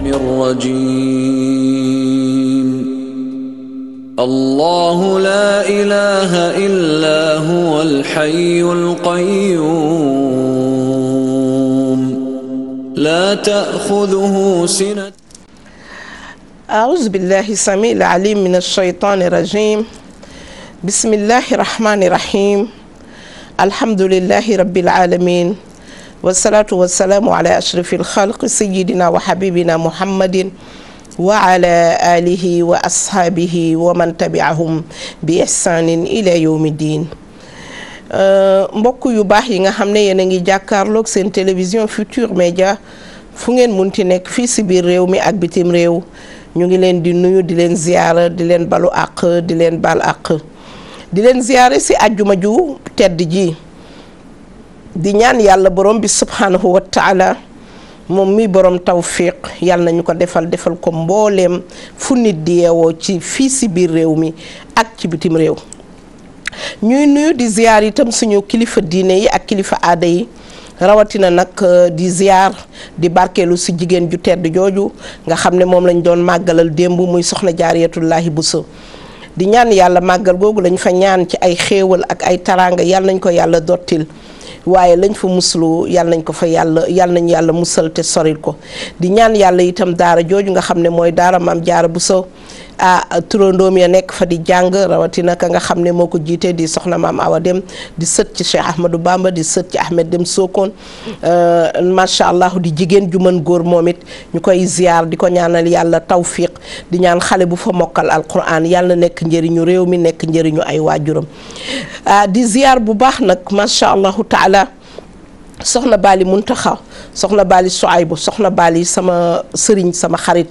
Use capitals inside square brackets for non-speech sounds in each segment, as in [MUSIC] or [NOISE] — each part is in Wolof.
الشيطان الرجيم الله لا إله إلا هو الحي القيوم لا تأخذه سنة أعوذ بالله السميع العليم من الشيطان الرجيم بسم الله الرحمن الرحيم الحمد لله رب العالمين wasalaatu wasalaamu ala ashrafi alxalq sayidina wa xabibina muhammadin wa ala alihi wa ashaabihi wa man tabiahum bi ihsanin ila yawmi diin euh, mbokk yu baax yi nga xam ne yéen a ngi jàkkaarloog seen télévision future média fu ngeen munti nekk fii si biir réew mi ak bitim réew ñu ngi leen di nuyu di leen ziyaara di leen balu àq di leen bal àq di leen ziyaare si àjjuma ju tedd ji di ñaan yàlla borom bi subhanahu wa taala moom mi borom tawfiq yàlla nañu ko defal defal ko mbooleem fu nit di yeewoo ci fii si biir réew mi ak ci bitim réew ñuy nuyu di ziar itam suñu kilifa diine yi ak kilifa aada yi rawatina nag euh, di ziar di barkeelu si jigéen ju tedd jooju nga xam ne moom lañ doon màggalal démb muy soxna jaariyatullaahi Buso di ñaan yàlla màggal googu lañu fa ñaan ci ay xéewal ak ay taraanga yàlla nañ ko yàlla dottil waaye lañ fa musuloo yal nañ ko fa yàlla yal nañu yàlla musal te soril ko di ñaan yàlla itam daara jooju nga xam ne mooy daara maam jaara bu sow ah turandoom ya nekk fa di jàng rawatina ka nga xam ne moo ko jiitee di soxna maam Awa Dem di sët ci Cheikh Ahmadou Bamba di sët ci Ahmed Dem Sokone euh, macha allah di jigéen ju mën góor moom it ñu koy ziar di ko ñaanal yàlla tawfiq di ñaan xale bu fa mokkal alquran yàlla nekk njëriñu réew mi nekk njëriñu ay waajuram euh, di ziar bu baax nag macha allahu taala soxna Bali Muntaxa soxna Bali Suaybu soxna Bali sama sëriñ sama xarit.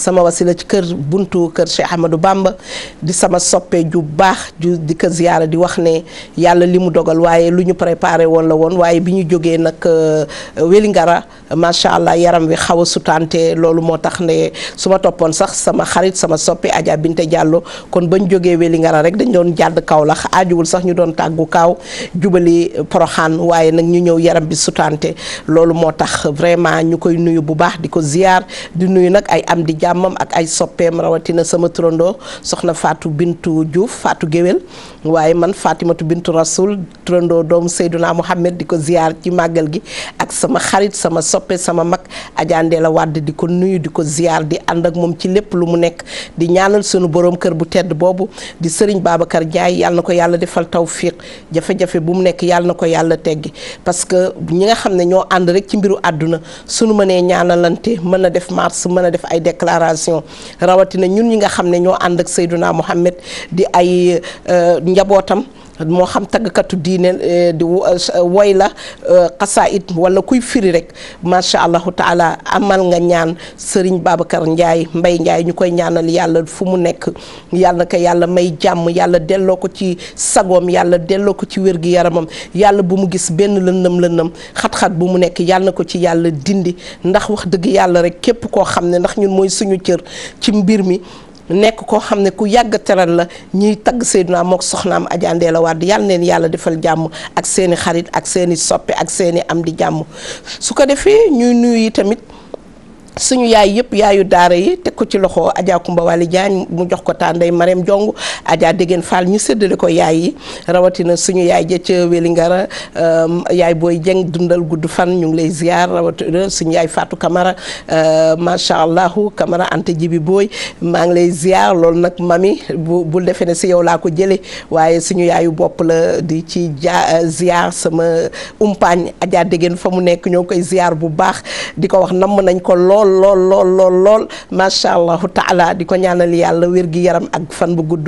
sama wasila ci kër buntu kër Cheikh Ahmadou Bamba di sama soppee ju baax ju di ko ziyaara di wax ne yàlla li mu dogal waaye lu ñu préparé woon woon waaye bi ñu jógee nag euh, Wélingara macha allah yaram wi xaw a sutante loolu moo tax ne su ma toppoon sax sama xarit sama soppe Adja Binte Diallo kon bañ jógee Wélingara rek dañ doon jàdd Kaolack sax ñu doon tàggu kaaw jubali Poroxaan waaye nag ñu ñëw yaram bi sutante loolu moo tax vraiment ñu koy nuyu bu baax di ko ziyaar di nuyu nag ay am di jàmmam ak ay soppeem rawatina sama turandoo soxna faatu bintu juuf faatu Géwél waaye man Fatimatu Bintou Rasoul turandoo doomu Seydouna Mouhamed di ko ziar ci màggal gi ak sama xarit sama soppe sama mag Adja Ndella Wade di ko nuyu di ko ziar di ànd ak moom ci lépp lu mu nekk di ñaanal sunu borom kër bu tedd boobu di sëriñ Babacar jaay yàlla na ko yàlla defal tawfiq jafe-jafe bu mu nekk yàlla na ko yàlla teggi parce que ñi nga xam ne ñoo ànd rek ci mbiru àdduna ration rawatina ñun ñi nga xam ne ñoo ànd ak Seydouna Mohamed di ay euh, njabootam moo xam tàggkatu diine eh, di eh, woy la eh, it wala kuy firi rek macha allahu taala amal nga ñaan Serigne Babacar Ndiaye Mbaye Ndiaye ñu koy ñaanal yàlla fu mu nekk yàlla ko yàlla may jàmm yàlla delloo ko ci sagoom yàlla delloo ko ci wér gi yaramam yàlla bu mu gis benn lëndëm lëndëm xat-xat bu mu nekk yàlla na ko ci yàlla dindi ndax wax dëgg yàlla rek képp koo xam ne ndax ñun mooy suñu cër ci mbir mi nekk koo xam ne ku yàgg teral la ñuy tagg naa mook soxnaam Adja Ndella Wade yàlla neen yàlla defal jàmm ak seeni xarit ak seeni soppe ak seeni am di jàmm su ko defee ñuy nuyu tamit suñu yaay yëpp yaayu daara yi teg ko ci loxo ajaa Kumba Wali Diagne mu jox ko tànday Marème Jong Adja Dégène Fall ñu séddale ko yaay yi rawatina suñu yaay ja ca Wélingara euh, yaay booy jeng dundal gudd fan ñu ngi lay ziar rawatina suñu yaay Fatou Camara euh, macha allah Camara Anta Jibi Booy maa ngi lay ziar loolu nag mami bu bu defee ne si yow laa ko jëlee waaye suñu yaayu bopp la di ci ja euh, ziar sama umpaañ Adja Dégène fa mu nekk ñoo koy ziar bu baax di ko wax namm nañ ko lool. lool lool lool lool lool macha allahu taala di ko ñaanal yàlla wér gi yaram ak fan bu gudd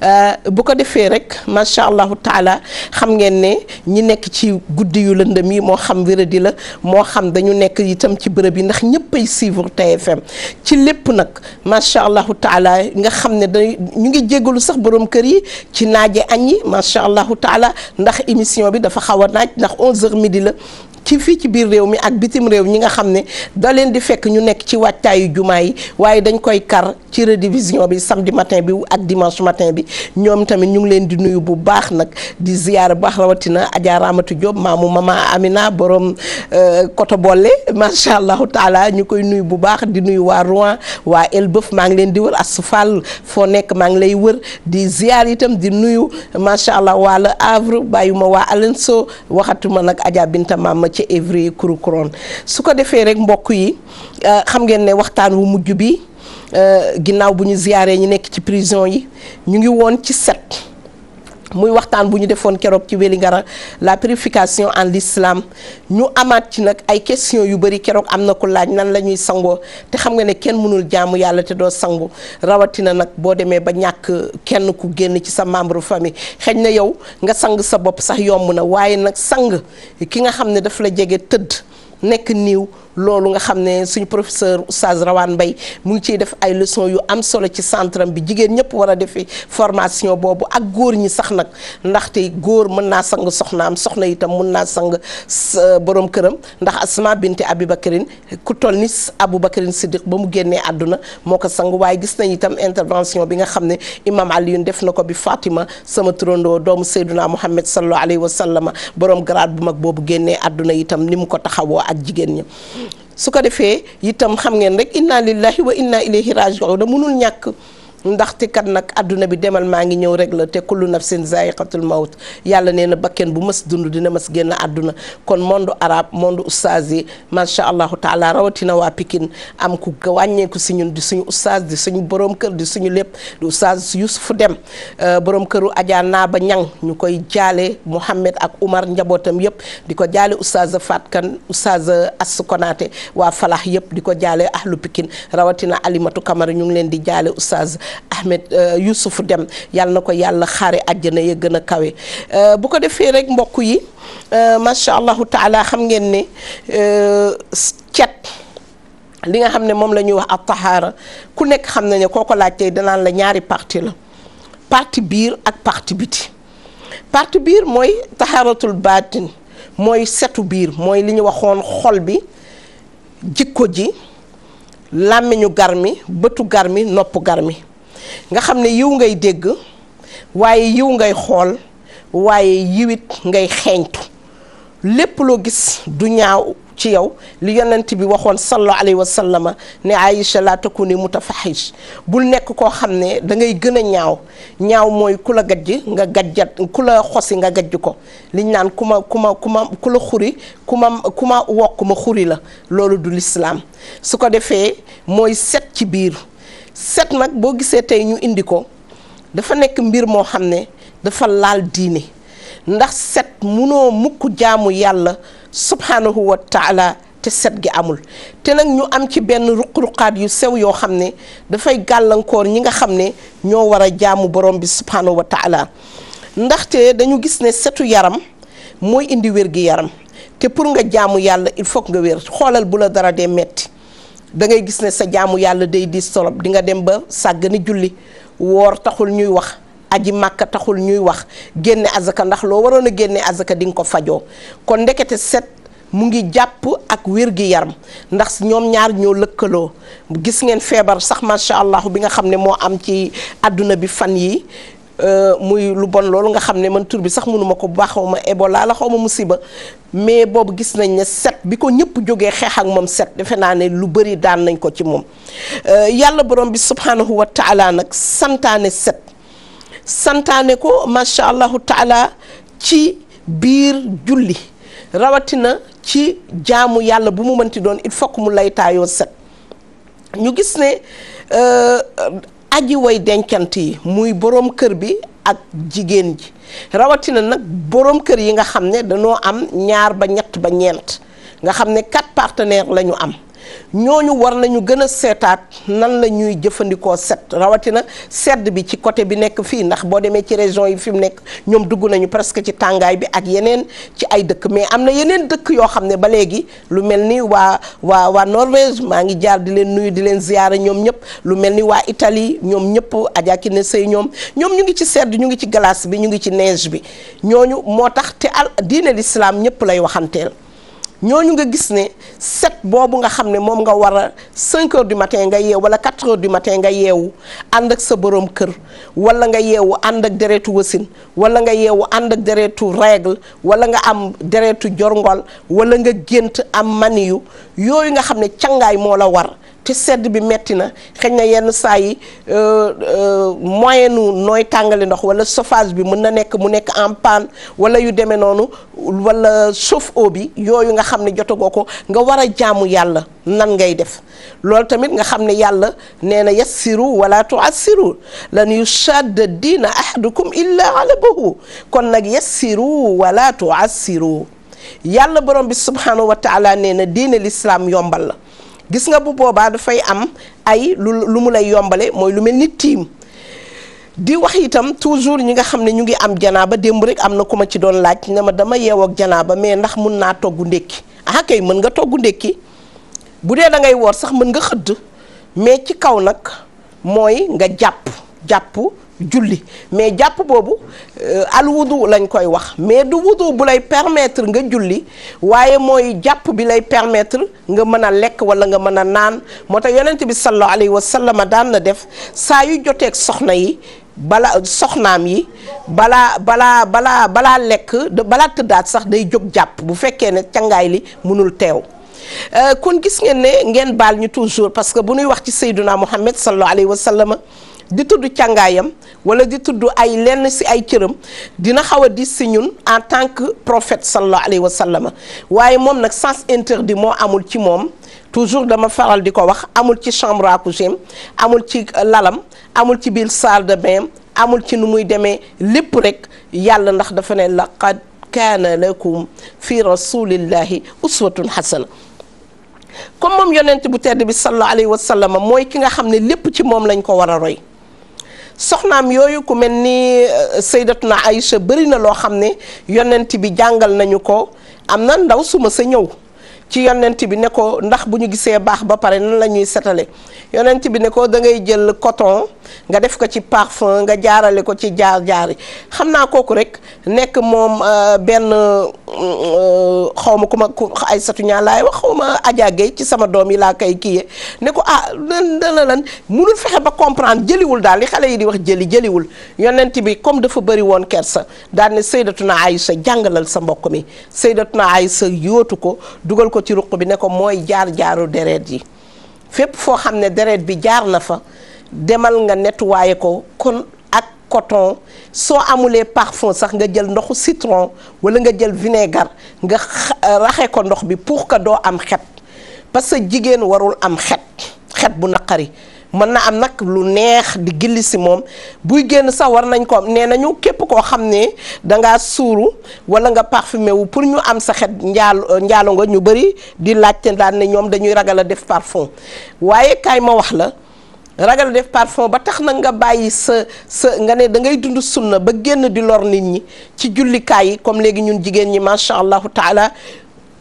euh, bu ko defee rek macha allahu taala xam ngeen ne ñi nekk ci guddi yu lëndëm yi moo xam wéradi la moo xam dañu nekk itam ci bërëb yi ndax ñëpp ay suivre TFM ci lépp nag macha allahu taala nga xam ne dañu ñu ngi jégalu sax borom kër yi ci naaje añ yi macha allahu taala ndax émission bi dafa xaw a naaj ndax 11h midi la ci fii ci biir réew mi ak bitim réew ñi nga xam ne da leen di fekk ñu nekk ci wàccaayu jumaa yi waaye dañ koy kar ci redivision bi samedi matin bi ak dimanche matin bi ñoom tamit ñu ngi leen di nuyu bu baax nag di ziyaar baax rawatina Adja Ramatu Diop maamu mama Amina borom euh, koto boole macha allahu taala ñu koy nuyu bu baax di nuyu waa Rouen waa Elbeuf maa ngi leen di wër asfal foo nekk maa ngi lay wër di ziyaar itam di nuyu macha allah waa Le Havre ma waa Alenso waxatuma nag Adja ci Évry Kouroukourone su ko defee rek mbokk yi euh, xam ngeen ne waxtaan wu mujj bi euh, ginnaaw bu ñu ziyaaree ñu nekk ci prison yi ñu ngi woon ci set muy waxtaan bu ñu defoon keroog ci Wélingara la purification en l'islam ñu amaat ci nag ay question yu bëri keroog am na ko laaj nan la ñuy sangoo te xam nga ne kenn mënul jàmm yàlla te doo sangu rawatina nag boo demee ba ñàkk kenn ku génn ci sa membre famille xëy na yow nga sang sa bopp sax yomb na waaye nag sang ki nga xam ne daf la jege tëdd nekk niiw loolu nga xam ne suñu professeur Oustaz Rawane Mbaye mu ngi ciy def ay leçons yu am solo ci centre bi jigéen ñëpp war a defee formation boobu ak góor ñi sax nag ndaxte góor mën naa sang soxnaam soxna itam mun naa sang borom këram ndax Asma binti Abibakarin ku toll abu Aboubakarine Siddiq ba mu génnee àdduna moo ko sang waaye gis nañ itam intervention bi nga xam ne imam Alioune def na ko bi Fatima sama turandoo doomu Seyduna Muhammad sallallahu alayhi wa sallam borom garaat bu mag boobu génnee àdduna itam ni mu ko taxawoo ak jigéen ñi. su ko defee itam xam ngeen rek inna lillahi wa inna ilayhi raji'un da munul ñàkk ndaxte kat nag àdduna bi demal maa ngi ñëw rek la te kullu nafsin zaiqatul maut yàlla nee na bakken bu mës dund dina mës génn àdduna kon monde arabe monde oustaz yi macha allahu taala rawatina waa pikin am ku wàññeeku si ñun di suñu oustaz di suñu borom kër di suñu lépp di oustaz Youssouf Dem euh, borom këru ajaan naa ba Ñang ñu koy jaale Mouhamed ak Oumar njabootam yëpp di ko jaale oustaz Fat Kan oustaz Assu Konaté waa falaax yëpp di ko jaale ahlu Pikine rawatina Alimatu Kamara ñu ngi leen di jaale oustaz Ahmed euh, Youssouf Dem yàlla na ko yàlla xaare àjjana ya gën a kawe euh, bu ko defee rek mbokk yi euh, macha allahu taala xam ngeen ne cet li nga xam ne moom la ñuy wax ab taxaara ku nekk xam na koo ko laaj tey danaan la ñaari parti la parti biir ak parti biti parti biir mooy taxaaratul baatin mooy setu biir mooy li ñu waxoon xol bi jikko ji làmmiñu garmi bëtu garmi noppu garmi nga xam ne yiw ngay dégg waaye yiw ngay xool waaye yiwit ngay xeeñtu lépp loo gis du ñaaw ci yow li yonent bi waxoon sallallahu alayhi wa sallama ne Aïcha laa takuni mutafahish bul nekk koo xam ne dangay gëna ñaaw ñaaw mooy ku la gajj nga gajjat ku la xosi nga gajj ko liñ naan ku ma ku ma ku ma ku la xuri ku ma ku ma wokk ma xuri la loolu du lislaam su ko defee mooy set ci biir set nag boo gisee tey ñu indi ko dafa nekk mbir moo xam ne dafa laal diine ndax set munoo mukk jaamu yàlla subhanahu wa te set gi amul te nag ñu am ci benn ruq-ruqaat yu sew yoo xam ne dafay gàllankoor ñi nga xam ne ñoo war a jaamu borom bi subhanahu wa ndaxte dañu gis ne setu yaram mooy indi wér gi yaram te pour nga jaamu yàlla il faut nga wér xoolal bu la dara dee metti da ngay gis ne sa jaamu yàlla day diis solop di nga dem ba sàggani julli woor taxul ñuy wax aji màkk taxul ñuy wax génne azaka ndax loo waroon a génne azaka di nga ko fajoo kon ndekete set mu ngi jàpp ak wér gi yaram ndax ñoom ñaar ñoo lëkkaloo gis ngeen feebar sax macha allah bi nga xam ne moo am ci àdduna bi fan yii Euh, muy lu bon loolu nga xam ne man tur bi sax mënuma ko baax xaw ma Ebola la xaw ma musiba mais boobu gis nañ ne set bi ko ñëpp jógee xeex ak moom set defe naa ne lu bëri daan nañ ko ci moom euh, yàlla borom bi subhanahu wa taala nag santaane set santaane ko macha allahu taala ci biir julli rawatina ci jaamu yàlla bu mu mënti doon il faut que mu laytaayoo set ñu gis ne euh, aji woy dencant yi muy boroom kër bi ak jigéen ji rawatina nag boroom kër yi nga xam ne dañoo am ñaar ba ñett ba ñeent nga xam ne quatre partenaires la ñu am ñooñu war nañu gën a seetaat nan la ñuy jëfandikoo set rawatina sedd bi ci côté bi nekk fii ndax boo demee ci région yi fi mu nekk ñoom dugg nañu presque ci tàngaay bi ak yeneen ci ay dëkk mais am na yeneen dëkk yoo xam ne ba léegi lu mel ni waa waa waa Norvège maa ngi jaar di leen nuyu di leen ziyaara ñoom ñëpp lu mel ni waa Italie ñoom ñëpp Adja Kine ñoom ñoom ñu ngi ci sedd ñu ngi ci glace bi ñu ngi ci neige bi ñooñu moo tax te al diine l'islam ñëpp lay waxanteel ñooñu nga gis ne set boobu nga xam ne moom nga war a 5 heures du matin nga yeewu wala 4 heures du matin nga yeewu ànd ak sa borom kër wala nga yeewu ànd ak deretu wasin wala nga yeewu ànd ak deretu règle wala nga am deretu jorngol wala nga gént am maniyu yooyu nga xam ne cangaay moo la war ci sedd bi metti na xëñ na yenn saa yi euh, euh, moyen nu nooy tàngale ndox wala chauffage bi mën na nekk mu nekk en panne wala yu demee noonu wala chauffe bi yooyu nga xam ne jotagoo ko nga war a jàmm yàlla nan ngay def loolu tamit nga xam ne yàlla nee na yassiru wala tuassiru lan yushadda diina ahadukum illa alabahu kon nag yassiru wala tuassiru yàlla borom bi subhanahu wa taala nee na diine l'islam yombal la gis nga bu boobaa dafay am ay lu lu mu lay yombale mooy lu mel ni tiim di wax itam toujours ñi nga xam ne ñu ngi am janaa ba démb rek am na ku ma ci doon laaj ne ma dama yeewoo ak ba mais ndax mun naa togg ndékki ah kay mën nga togg ndékki bu dee da ngay woor sax mën nga xëdd mais ci kaw nag mooy nga jàpp jàpp julli mais jàpp boobu euh, al wudu lañ koy wax mais du wudu bu lay permettre nga julli waaye mooy jàpp bi lay permettre nga mën a lekk wala nga mën a naan moo tax yonent bi sallallahu alayhi wa sallam daan na def saa yu joteeg soxna yi bala soxnaam yi balaa balaa balaa balaa lekk balaa tëddaat sax day jóg jàpp bu fekkee ne cangaay li mënul teew euh, kon gis ngeen ne ngeen baal ñu toujours parce que bu ñuy wax ci sayduna muhammad sallallahu alayhi wa sallam di tudd càngaayam wala di tudd ay lenn si ay cëram dina xaw a dis si ñun en tant que profet sallallahu alayhi wa sallam waaye moom nag sens interdit moo amul ci moom toujours dama faral di ko wax amul ci chambre à coucher amul ci euh, lalam amul ci biir salle de bain amul ci nu muy demee lépp rek yàlla ndax dafa ne laqad kaana lakum fi rasulillahi uswatun hasana comme moom yonent bu tedd bi sallallahu alayhi wa sallam mooy ki nga xam ne lépp ci moom lañ ko war a roy soxnaam yooyu ku mel ni euh, saydatuna Aïcha bëri na loo xam ne yonent bi jàngal nañu ko am na ndaw suma sa ñëw ci yonent bi ne ko ndax bu ñu gisee baax ba pare nan la ñuy setale yonent bi ne ko dangay ngay jël coton nga def ko ci parfum nga jaarale ko ci jaar jaar xam naa kooku rek nekk moom euh, benn euh, xawma ku ma ku ay satu ñaa laay wax xaw ma Adja ci sama doom yi laa koy kiiyee ne ko ah dana lan munul fexe ba comprendre jëliwul daal li xale yi di wax jëli jëliwul yonent bi comme dafa bëri woon ker sa daal ne Sayyidatuna Aïcha jàngalal sa mbokk mi Sayyidatuna Aïcha yóotu ko dugal ko ci ruq bi ne ko mooy jaar jaaru dereet yi fépp foo xam ne deret bi jaar na fa demal nga nettuwaaye ko kon ak coton soo amulee parfum sax nga jël ndoxu citron wala nga jël vinaigre nga euh, raxe ko ndox bi pour que doo am xet parce que jigéen warul am xet xet bu naqari mën na am nag lu neex di gilli si moom buy génn sax war nañ ko nee nañu képp koo xam ne dangaa suuru wala nga parfumé wu pour ñu am sa xet njaal euh, njaalo nga ñu bëri di laajte daan ne ñoom dañuy ragal a def parfum waaye kaay ma wax la ragal def parfum ba tax nag nga bàyyi sa sa nga ne da ngay dund sunna ba génn di lor nit ñi ci jullikaay yi comme léegi ñun jigéen ñi macha allahu taala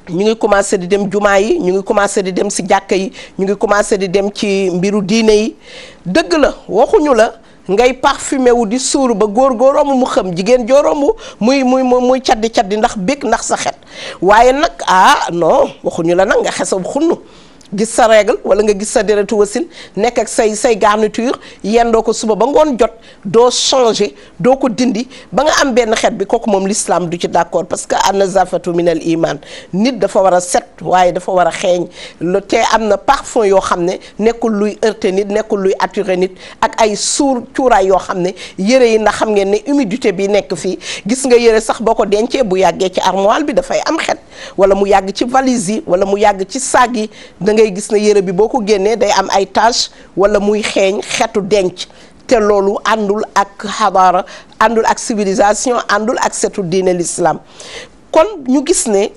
ñu ngi commencé di dem jumaa yi ñu ngi commencé di dem si jàkk yi ñu ngi commencé di dem ci mbiru diine yi dëgg la waxuñu la ngay parfumé wu di suuru ba góor góoroomu mu xam jigéen jooroomu muy muy muy caddi caddi ndax bég ndax sa xet waaye nag ah non waxuñu la nag nga xesaw xunnu gis sa règle wala nga gis sa deretu wasin nekk ak say say garniture yendoo ko suba ba ngoon jot doo changer doo ko dindi ba nga am benn xeet bi kooku moom lislaam du ci d'accord parce que an-nazafatu min al iman nit dafa war a set waaye dafa war a xeeñ lu te am na parfum yoo xam ne nekkul luy heurter nit nekkul luy attirer nit ak ay suur cuuraay yoo xam ne yëre yi ndax xam ngeen ne humidité bi nekk fii gis nga yére sax boo ko dencee bu yàggee ci armoire bi dafay am xeet mu yàgg ci mu yàgg ci saag ngay gis ne yére bi boo ko génnee day am ay tache wala muy xeeñ xetu denc te loolu àndul ak xabaara àndul ak civilisation àndul ak setu diine l'islam kon ñu gis ne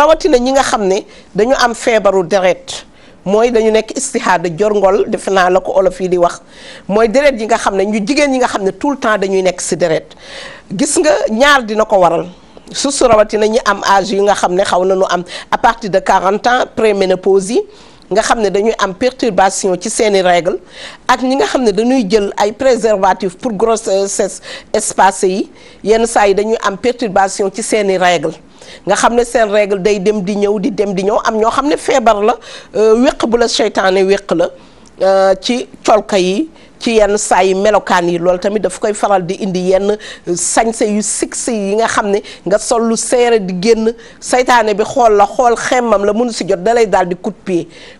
rawatina ñi nga xam ne dañu am feebaru deret mooy dañu nekk istihaada jorngol defe naa la ko olof yi di wax mooy deret yi nga xam ne ñu jigéen yi nga xam ne tout le temps dañuy nekk si deret gis nga ñaar dina ko waral su rawatina ñi am age yu nga xam ne xaw na nañu am à partir de quarante 40 ans préménopause yi nga xam ne dañuy am perturbation ci seeni règle ak ñi nga xam ne dañuy jël ay préservatifs pour grossesse espacée yi yenn saa yi dañuy am perturbation ci seeni règle nga xam ne seen règle day dem di ñëw di dem di ñëw am ñoo xam ne feebar la euh, wéq bu la seytaane wéq la Euh, ci colka yi ci yenn saa yi melokaan yi loolu tamit dafa koy faral di indi yenn sañse yu six yi nga xam ne nga sol lu seere di génn seytaane bi xool la xool xemmam la mënu si jot dalay daal di coup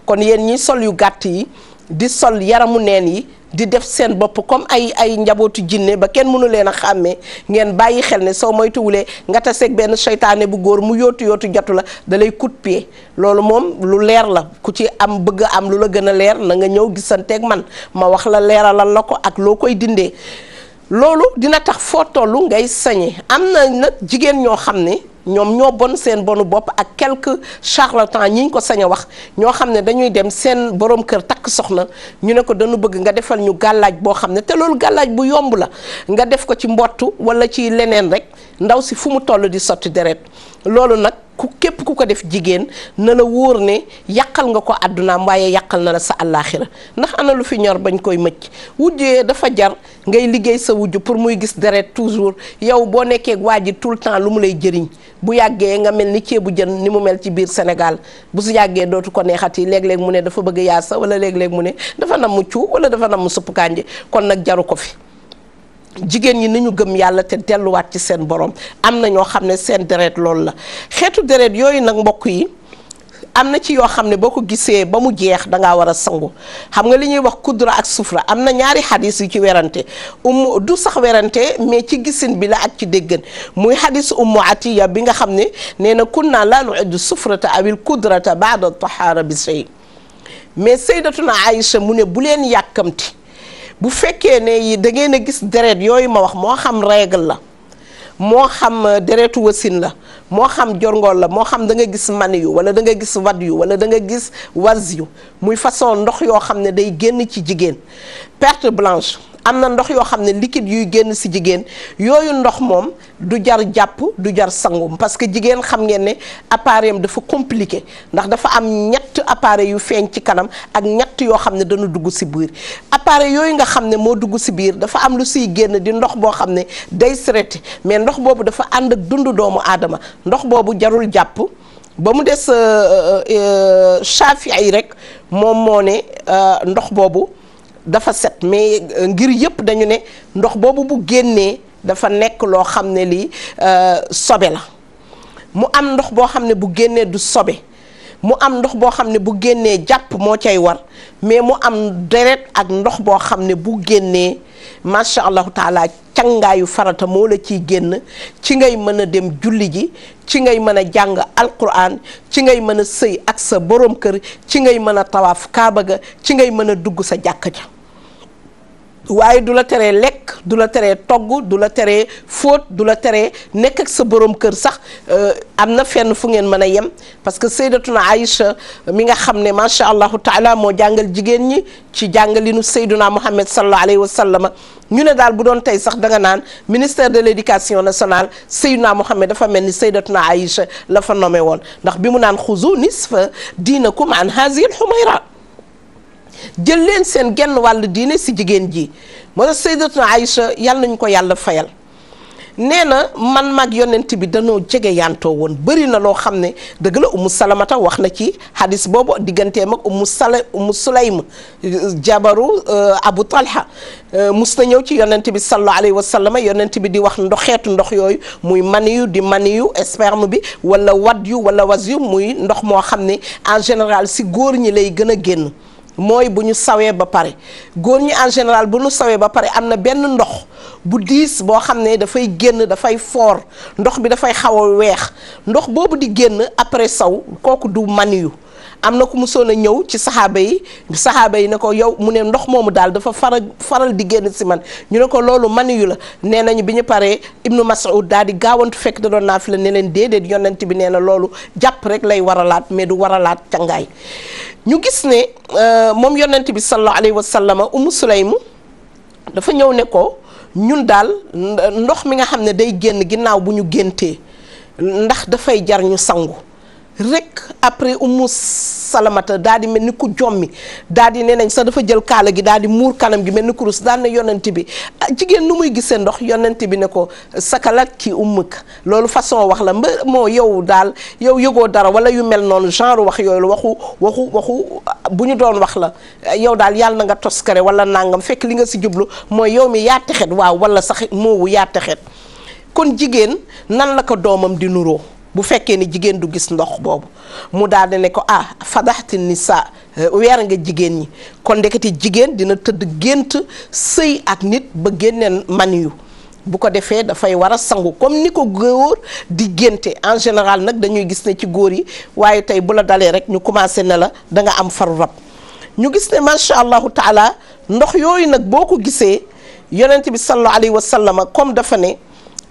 kon yéen ñi sol yu gàtt yi di sol yaramu neen yi di def seen bopp comme ay ay njabootu jinne ba kenn mënu leen a xàmmee ngeen bàyyi xel ne soo moytuwulee nga taseeg benn seytaane bu góor mu yootu yootu jotu la dalay lay coup loolu moom lu leer la ku ci am bëgg am lu la gën a leer na nga ñëw gisanteeg man ma wax la leeralal la ko ak loo koy dindee loolu dina tax foo toll ngay sañe am na na jigéen ñoo xam ne ñoom ñoo bon seen bonu bopp ak quelque quelques charlatans ñi ñu ko sañ a wax ñoo xam ne dañuy dem seen borom kër takk soxna ñu ne ko dañu bëgg nga defal ñu gàllaaj boo xam ne te loolu gàllaaj bu yomb la nga def ko ci mbott wala ci leneen rek ndaw si fu mu toll di sotti deret loolu nag ku képp ku ko def jigéen na la wóor ne yàqal nga ko àddunaam waaye yàqal na la sa àllaaxira ndax ana lu fi ñor bañ koy mëcc wujjee dafa jar ngay liggéey sa wujj pour muy gis deret toujours yow boo nekkee waa ji tout le temps lu mu lay jëriñ bu yàggee nga mel ni ceebu jën ni mu mel ci biir Sénégal bu su yàggee dootu ko neexati léeg-léeg mu ne dafa bëgg yaasa wala léeg-léeg mu ne dafa nam mu cuu wala dafa nam mu supp kànje kon nag jaru ko fi jigéen ñi nañu gëm yàlla te delluwaat ci seen borom am na ñoo xam ne seen deret loolu la xeetu deret yooyu nag mbokk yi am na ci yoo xam ne boo ko gisee ba mu jeex dangaa war a sangu xam nga li ñuy wax kudra ak sufra am na ñaari xadis yu ci werante um du sax werante mais ci gisin bi la ak ci déggan muy xadis ummu atiya bi nga xam ne nee na kunna laa nu'iddu sufrata awil kudrata baada tahara bi sëy mais saydatuna aïcha mu ne bu leen yàkkamti bu fekkee ne da ngeen a gis deret yooyu ma wax moo xam règle la moo xam euh, deretu wasin la moo xam jorngool la moo xam da nga gis man yu wala da nga gis wad yu wala da gis was yu muy façon ndox yoo xam ne day génn ci jigéen perte blanche am na ndox yoo xam ne liquide yuy génn si jigéen yooyu ndox moom du jar jàpp du jar sangum parce que jigéen xam ngeen ne appareil am dafa compliqué ndax dafa am ñett appareil yu feeñ ci kanam ak ñett yoo xam ne dana dugg si biir appareil yooyu nga xam ne moo dugg si biir dafa am lu siy génn di ndox boo xam ne day sereté mais ndox boobu dafa ànd ak dundu doomu aadama ndox boobu jarul jàpp ba mu des euh, euh, euh, Shafi'i rek moom moo ne ndox boobu dafa set mais euh, ngir yëpp dañu ne ndox boobu bu génnee dafa nekk loo xam ne lii euh, sobe la mu am ndox boo xam ne bu génnee du sobe mu am ndox boo xam ne bu génnee jàpp moo cay war mais mu am deret ak ndox boo xam ne bu génnee macha allahu taala cangaayu farata moo la ciy génn ci ngay mën a dem julli ji ci ngay mën a jàng alquran ci ngay mën a sëy ak sa borom kër ci ngay mën a tawaaf kaaba ga ci ngay mën a dugg sa jàkka ja waaye du la tere lekk du la teree togg du la tere fóot du la tere nekk ak sa borom kër sax euh, am na fenn fu ngeen mën a yem parce que Seydatuna Aïcha mi nga xam ne macha allahu taala moo jàngal jigéen ñi ci jàngalinu Seyduna Muhammad sallallahu alayhi wa sallam ñu ne daal bu doon tey sax danga naan ministère de l' éducation nationale Seyduna Muhammad dafa mel ni Seydatuna Aïcha la fa nome woon ndax bi mu naan xuzu nisfa diinakum an haazihil xumayra jël leen seen genn wàllu diine si jigéen ji moo tax Sayyidatuna Aïcha yàlla nañu ko yàlla fayal nee na man mag yonent bi danoo jege yantoo woon bëri na loo xam ne dëgg la Umu Salamata wax na ci hadis boobu digganteem ak Umu Sala Umu Sulaym jabaru euh, Abu Talha euh, mus na ñëw ci yonent bi sallallahu alayhi wa sallam yonent bi di wax ndoxeetu ndox yooyu muy maniyu di maniyu sperme bi wala wad yu wala was yu muy ndox moo xam ne en général si góor ñi lay gën a génn mooy bu ñu sawee ba pare góor ñi en général bu ñu sawee ba pare am na benn ndox bu diis boo xam ne dafay génn dafay foor ndox bi dafay xaw a weex ndox boobu di génn après saw kooku du maniyu am na ku musoon a ñëw ci saxaaba yi saxaaba yi ne ko yow mu ne ndox moomu daal dafa faral faral di génn si man ñu ne ko loolu maniyu la nee nañu bi ñu paree ibnu Mas'ud daal di gaawantu fekk da doon naa fi la ne leen déedéet yonent bi nee na loolu jàpp rek lay waralaat mais du waralaat cangaay ñu gis ne euh, moom yonent bi sallallahu alayhi wa sallam umu Sulaym dafa ñëw ne ko ñun daal ndox mi nga xam ne day génn ginnaaw bu ñu géntee ndax dafay jar ñu sangu rek après umu salamata daal di mel ni ku jommi daal di nee nañ sax dafa jël kaala gi daal di muur kanam gi mel ni kurus daal ne yonent bi ah, jigéen nu muy gisee ndox yonent bi ne ko sakalak ki ummuk loolu façon wax la mba moo yow daal yow yëgoo dara wala yu mel noonu genre wax yooyu waxu waxu waxu bu ñu doon wax la yow daal yàlla na nga toskare wala nangam fekk li nga si jublu mooy yow mi yaa texet waaw wala sax moowu yaa texet kon jigéen nan la ko doomam di nuroo bu fekkee ni jigéen du gis ndox boobu mu daal di ne ko ah fadaxti nisa eh, weer nga jigéen ñi kon ndekete jigéen dina tëdd gént sëy ak nit ba génneen man yu bu ko defee dafay war a sangu comme ni ko góor di génte en général nag dañuy gis ne ci góor yi waaye tey bu la dalee rek ñu commencé ne la da nga am faru rab ñu gis ne macha allahu taala ndox yooyu nag boo ko gisee yonent bi sallallahu alayhi wa sallam comme dafa ne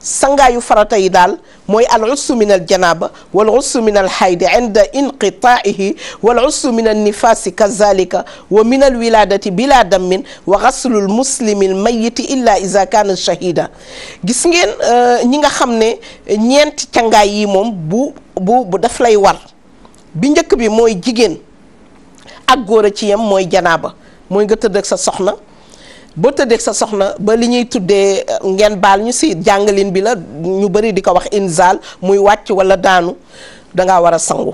sangaayu faratay daal mooy al ussu min al janaaba wal ussu min al xaydi inda inqitaihi wal ussu min al nifaasi kazalika wa min al wiladati bila dammin wa xaslul muslimil mayiti illa isa kaana shahida gis ngeen euh, ñi nga xam ne ñeenti cangaay yi moom bu daf lay war bi njëkk bi mooy jigéen ak góor a ci yem mooy janaaba mooy nga tëdd ak sa soxna boo tëddeeg sa soxna ba li ñuy tuddee euh, ngeen baal ñu si jàngalin bi la ñu bëri di ko wax inzaal muy wàcc wala daanu dangaa war a sangu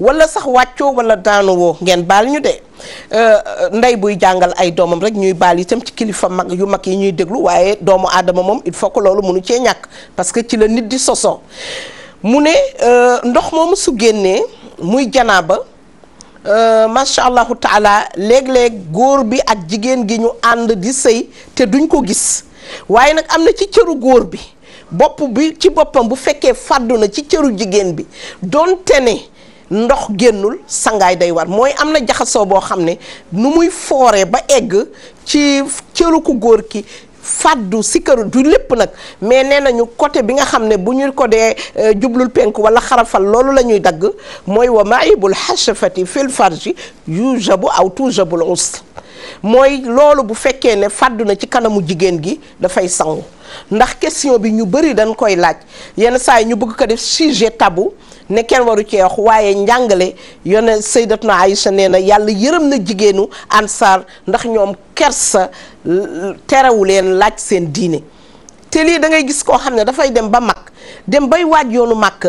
wala sax wàccoo wala daanu woo ngeen baal ñu de euh, euh, ndey buy jàngal ay doomam rek ñuy baal itam ci kilifa mag yu mag yi ñuy déglu waaye doomu aadama moom il faut que loolu munu cee ñàkk parce que ci la nit di soso mu ne ndox moomu su génnee muy ba Euh, macha allahu taala léeg-léeg góor bi ak jigéen gi ñu ànd di sëy te duñ ko gis waaye nag am na ci cëru góor bi bopp bi ci boppam bu fekkee fàddu na ci cëru jigéen bi doonte ne ndox génnul sangaay day war mooy am na jaxasoo boo xam ne nu muy fooree ba egg ci cëru ku góor ki fàddu sikkaru du lépp nag mais nee nañu côté bi nga xam ne bu ñu ko dee euh, jublul penk wala xarafal loolu la ñuy dagg mooy wa maibul xashafati fil farji yu jabu aw tou jabul ust mooy loolu bu fekkee ne fàddu na ci kanamu jigéen gi dafay sangu ndax question bi ñu bëri dañ koy laaj yenn saa yi ñu bugg ko def sujet tabou ne kenn waru cee wax waaye njàngale yone Sayyidatuna Aïcha nee na yàlla yërëm na jigéenu ansaar ndax ñoom kersa terewu leen laaj seen diine te lii da ngay gis koo xam ne dafay dem ba mag dem bay waaj yoonu màkk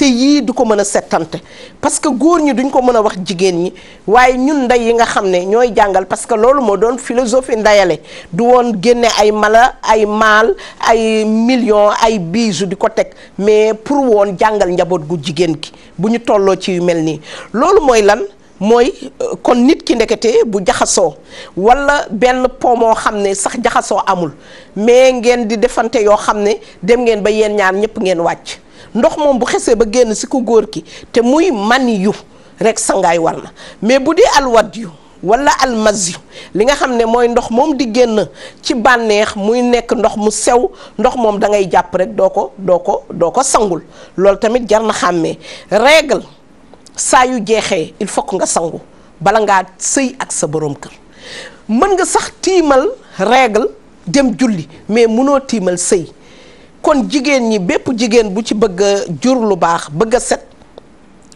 te yii du ko mën a settante parce que góor ñi duñ ko mën a wax jigéen ñi waaye ñun ndey yi nga xam ne ñooy jàngal parce que loolu moo doon philosophie ndeyale du woon génne ay mala ay maal ay million ay biisu di ko teg mais pour woon jàngal njaboot gu jigéen gi bu ñu tolloo ci yu mel nii loolu mooy lan mooy euh, kon nit ki ndekete bu jaxasoo walla benn po moo xam ne sax jaxasoo amul mais ngeen di defante yoo xam ne dem ngeen ba yéen ñaan ñëpp ngeen wàcc ndox moom bu xesee ba génn si ku góor ki te muy mani yu rek sangaay war na mais bu dee alwad yu walla almas yu li nga xam ne mooy ndox moom di génn ci bànneex muy nekk ndox mu sew ndox moom da ngay jàpp rek doo ko doo ko doo ko sangul loolu tamit jar na xàmmee règle saa yu jeexee il faut nga sangu bala ngaa sëy ak sa borom kër mën nga sax tiimal règle dem julli mais munoo tiimal sëy kon jigéen ñi bépp jigéen bu ci bëgg jur lu baax bëgga set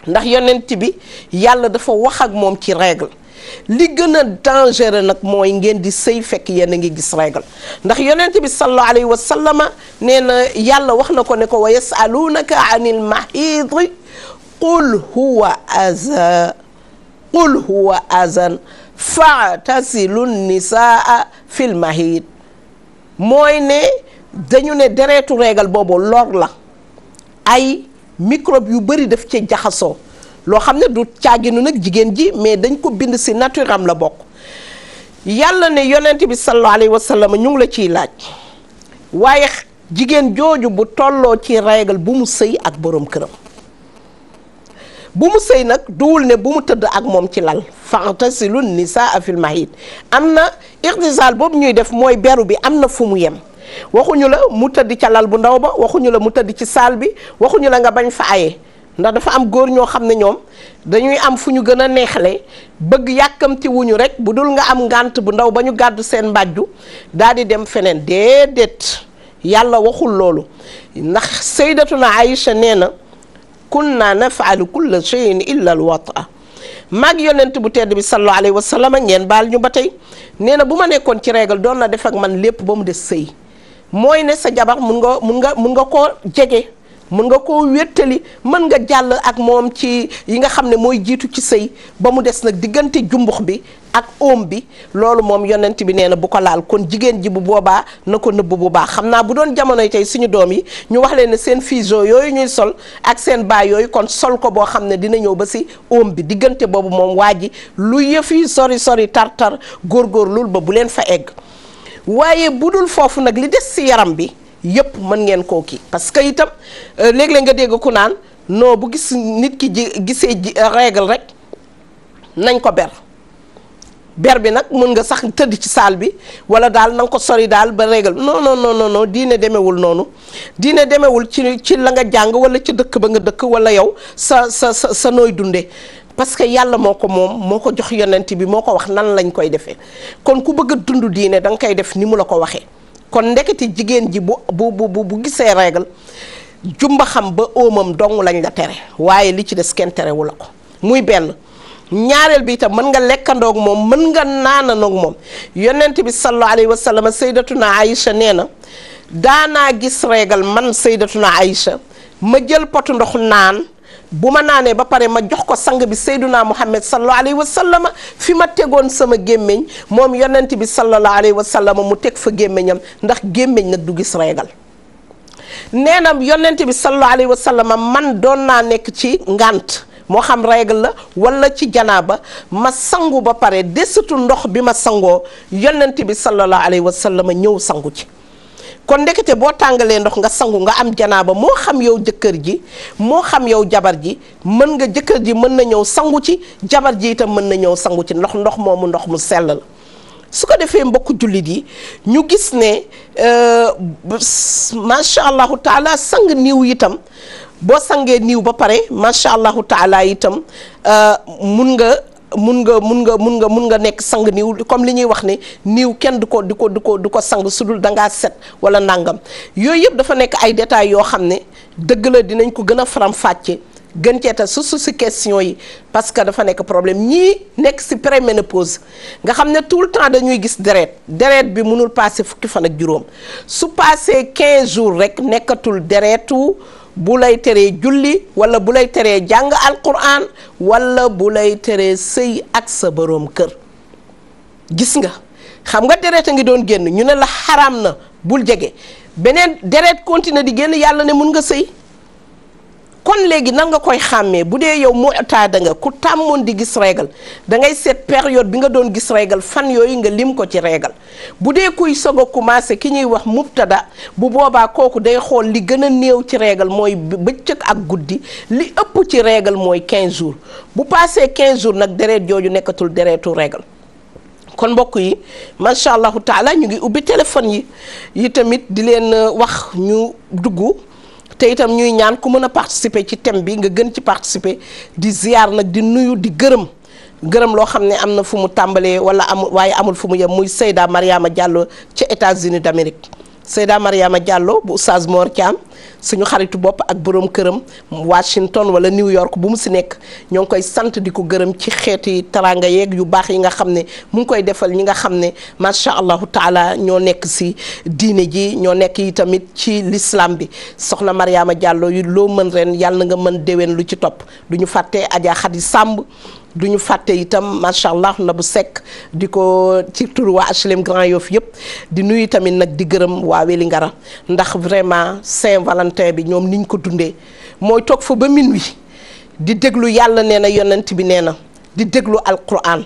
ndax yonent bi yàlla dafa wax ak moom ci règle li gën a dangereux nag mooy ngeen di sëy fekk yéen a ngi gis règle ndax yonent bi sallallahu alayhi wa sallama nee na yàlla wax na ko ne ko wa yasalunaka anil mahidi qul huwa aza qul huwa azan fatasilu nisaa fil mahid mooy ne dañu ne dereetu régal boobu lor la ay microbe yu bari def ci jaxasoo loo xam ne du caaginu nag jigéen ji mais dañ ko bind si nature am la bokk yàlla ne yonent bi sallallahu wa sallam ñu ngi la ciy laaj waaye jigéen jooju bu tolloo ci régal bu mu sëy ak boroom këram bu mu sëy nag duwul ne bu mu tëdd ak moom ci lal fa'tasilu nisaa fil mahid am na irtisaal boobu ñuy def mooy beru bi am na fu mu yem waxuñu la mu tëdd ca lal bu ndaw ba waxuñu la mu tëdd ci saal bi waxuñu la nga bañ fa aye ndax dafa am góor ñoo xam ne ñoom dañuy am fu ñu gën a neexle bëgg yàkkamtiwuñu wuñu rek bu dul nga am ngànt bu ndaw ba ñu gàddu seen mbàjju daal di dem feneen déedéet yàlla waxul loolu ndax sëydatu saydatuna Aïcha nee na kunna nafaalu kulla cheyin illa al wata maag yonent bu tedd bi sallallahu alayhi wa sallam ngeen baal ñu ba tey nee na bu ma nekkoon ci régal doon na def ak man lépp ba mu des sëy mooy ne sa jabar mun nga mun nga mun nga koo jege mën nga koo wéttali mën nga jàll ak moom ci yi nga xam ne mooy jiitu ci sëy ba mu des nag diggante jumbux bi ak oom bi loolu moom yonent bi nee na bu ko laal kon jigéen ji bu boobaa na ko nëbb bu baax xam naa bu doon jamono tey suñu doom yi ñu wax leen ne seen fiso yooyu ñuy sol ak seen baay yooyu kon sol ko boo xam ne dina ñëw ba si oom bi diggante boobu moom waa ji lu yëfi sori sori tar tar góorgóorlul ba bu leen fa egg waaye bu dul foofu nag li des ci yaram bi yëpp mën ngeen koo kii parce que itam euh, léeg-léeg nga dégg ku naan non bu gis nit ki ji gisee ji euh, règle rek nañ ko ber ber bi nag mën nga sax tëdd ci saal bi wala daal na ko sori daal ba régal non non non non diine demewul noonu diine demewul ci ci la nga jàng wala ci dëkk ba nga dëkk wala yow sa sa sa sa nooy dunde parce que yàlla moo ko moom moo ko jox yonent bi moo ko wax nan lañ koy defee kon ku bëgg a dund diine da nga koy def ni mu la ko waxee kon ndekete jigéen ji bu bu bu gisee règle jumba xam ba óomam dong lañ la tere waaye li ci des kenn terewu la ko muy benn ñaareel bi itam mën nga lekkandoog moom mën nga naananoog moom yonent bi sallallahu alayhi wa sallam saydatuna Aïcha nee na daanaa gis règle man saydatuna Aïcha ma jël potu ndox naan bu ma naanee ba pare ma jox ko sang bi sayduna muhammad sallallahu alayhi wa sallam fi ma tegoon sama gémmiñ moom yonent bi sallallahu alayhi wa sallam mu teg fa gémmiñam ndax gémmiñ nag du gis reegal nee na yonent bi sallallahu alayhi wa sallam man doon naa nekk ci ngànt moo xam reegal la wala ci ba ma sangu ba pare desitu ndox bi ma sangoo yonent bi sallallahu alayhi wa sallam ñëw sangu ci kon ndekete boo tàngalee ndox nga sangu nga am janaa ba moo xam yow jëkkër ji moo xam yow jabar ji mën nga jëkkër ji mën na ñëw sangu ci jabar ji itam mën na ñëw sangu ci ndox ndox moomu ndox mu sell la su ko defee mbokku jullit yi ñu gis ne euh, macha allahu taala sang niiw itam boo sangee niiw ba pare macha allahu taala itam euh, mun nga mun nga mun nga mun nga mun nga nekk sang niiw comme li ñuy wax ni niiw kenn du ko du ko du ko du ko sang su dul dangaa set wala nangam yooyu yëpp dafa nekk ay détails yoo xam ne dëgg la dinañ ko gën a faram-fàcce gën ceeta su su si question yi parce que dafa nekk problème ñii nekk si pose nga xam ne tout le temps dañuy gis deret deret bi mënul passé fukki fan ak juróom su passé 15 jours rek nekkatul deretu bu lay teree julli wala bu lay teree jàng alquran walla bu lay teree sëy ak sa borom kër gis nga xam nga deret a ngi doon génn ñu ne la xaraam na bul jege beneen deret continuer di génn yàlla ne mun nga sëy kon léegi nan nga koy xàmmee bu dee yow moo taada nga ku tàmmoon di gis régal dangay seet période bi nga doon gis régal fan yooyu nga lim ko ci régal bu dee kuy soog a commencé ki ñuy wax mubtada bu boobaa kooku day xool li gën a néew ci régal mooy bëccëg ak guddi li ëpp ci régal mooy 15 jours bu passé 15 jours nag deret jooju nekkatul deretu régal kon mbokk yi macha allahu taala ñu ngi ubbi téléphone yi yi tamit di leen euh, wax ñu dugg. te itam ñuy ñaan ku mën a participer ci thème bi nga gën ci participer di ziar nag di nuyu di gërëm gërëm loo xam ne am na fu mu tàmbalee wala amul waaye amul fu mu yem muy Seyda Mariama Diallo ca États-Unis d'Amérique Seyda Mariama jàlloo bu Oustaz Mor Thiam suñu xaritu bopp ak borom këram Washington wala New York bu mu si nekk ñoo ngi koy sant di ko gërëm ci xeeti taraanga yeeg yu baax yi nga xam ne mu ngi koy defal ñi nga xam ne macha allahu taala ñoo nekk si diine ji ñoo nekk yi tamit ci l'islam bi soxna Mariama jàlloo yu loo mën ren yàlla nga mën déwén lu ci topp du ñu fàtte Adja yi sàmb du ñu fàtte itam macha allah na bu sekk di ko ci tur waa HLM Grand Yoff yëpp di nuyu tamit nag di gërëm waa Wélingara ndax vraiment Saint-Valentin bi ñoom niñ ko dundee mooy toog fa ba minuit di déglu yàlla nee na yonent bi nee na di déglu Alquran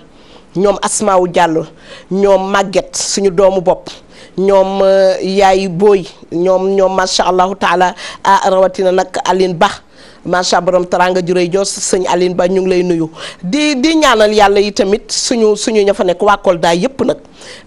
ñoom Asmaawu Diallo ñoom màgget suñu doomu bopp. ñoom euh, yaay booy ñoom ñoom macha allahu taala ah, rawatina nag Aline Ba. macha borom taranga juréy jos sëñ Aline Ba ñu ngi lay nuyu di di ñaanal yàlla yi tamit suñu suñu ña fa nekk waa Kolda yëpp nag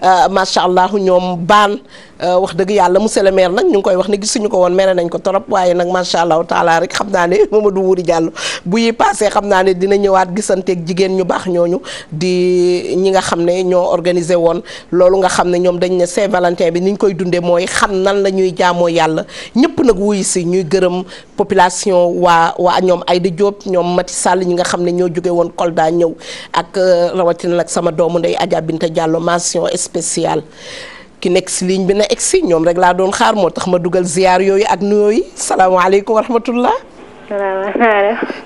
Euh, macha allah ñoom baan euh, wax dëgg yàlla monsieur le maire nag ñu ngi koy wax ne gisuñu ko woon mere nañ ko trop waaye nag macha allah taala rek xam naa ne moom [LAUGHS] Mamadou Wuri jàll bu yi passé xam naa ne dina ñëwaat gisanteeg jigéen ñu baax ñooñu di ñi nga xam ne ñoo organisé woon loolu nga xam ne ñoom dañ ne Saint-Valentin bi ni ñu koy dundee mooy xam nan la ñuy jaamoo yàlla ñëpp nag wuyu si ñuy gërëm population waa waa ñoom Aïda Diop ñoom Mati Sall ñi nga xam ne ñoo jóge woon Kolda ñëw ak euh, rawatina nag sama doomu ndey Adja édition spéciale ki nekk si ligne bi na egg ñoom rek laa doon xaar moo tax ma dugal ziyaar yooyu ak nuyoo yi salaamaaleykum wa rahmatullah.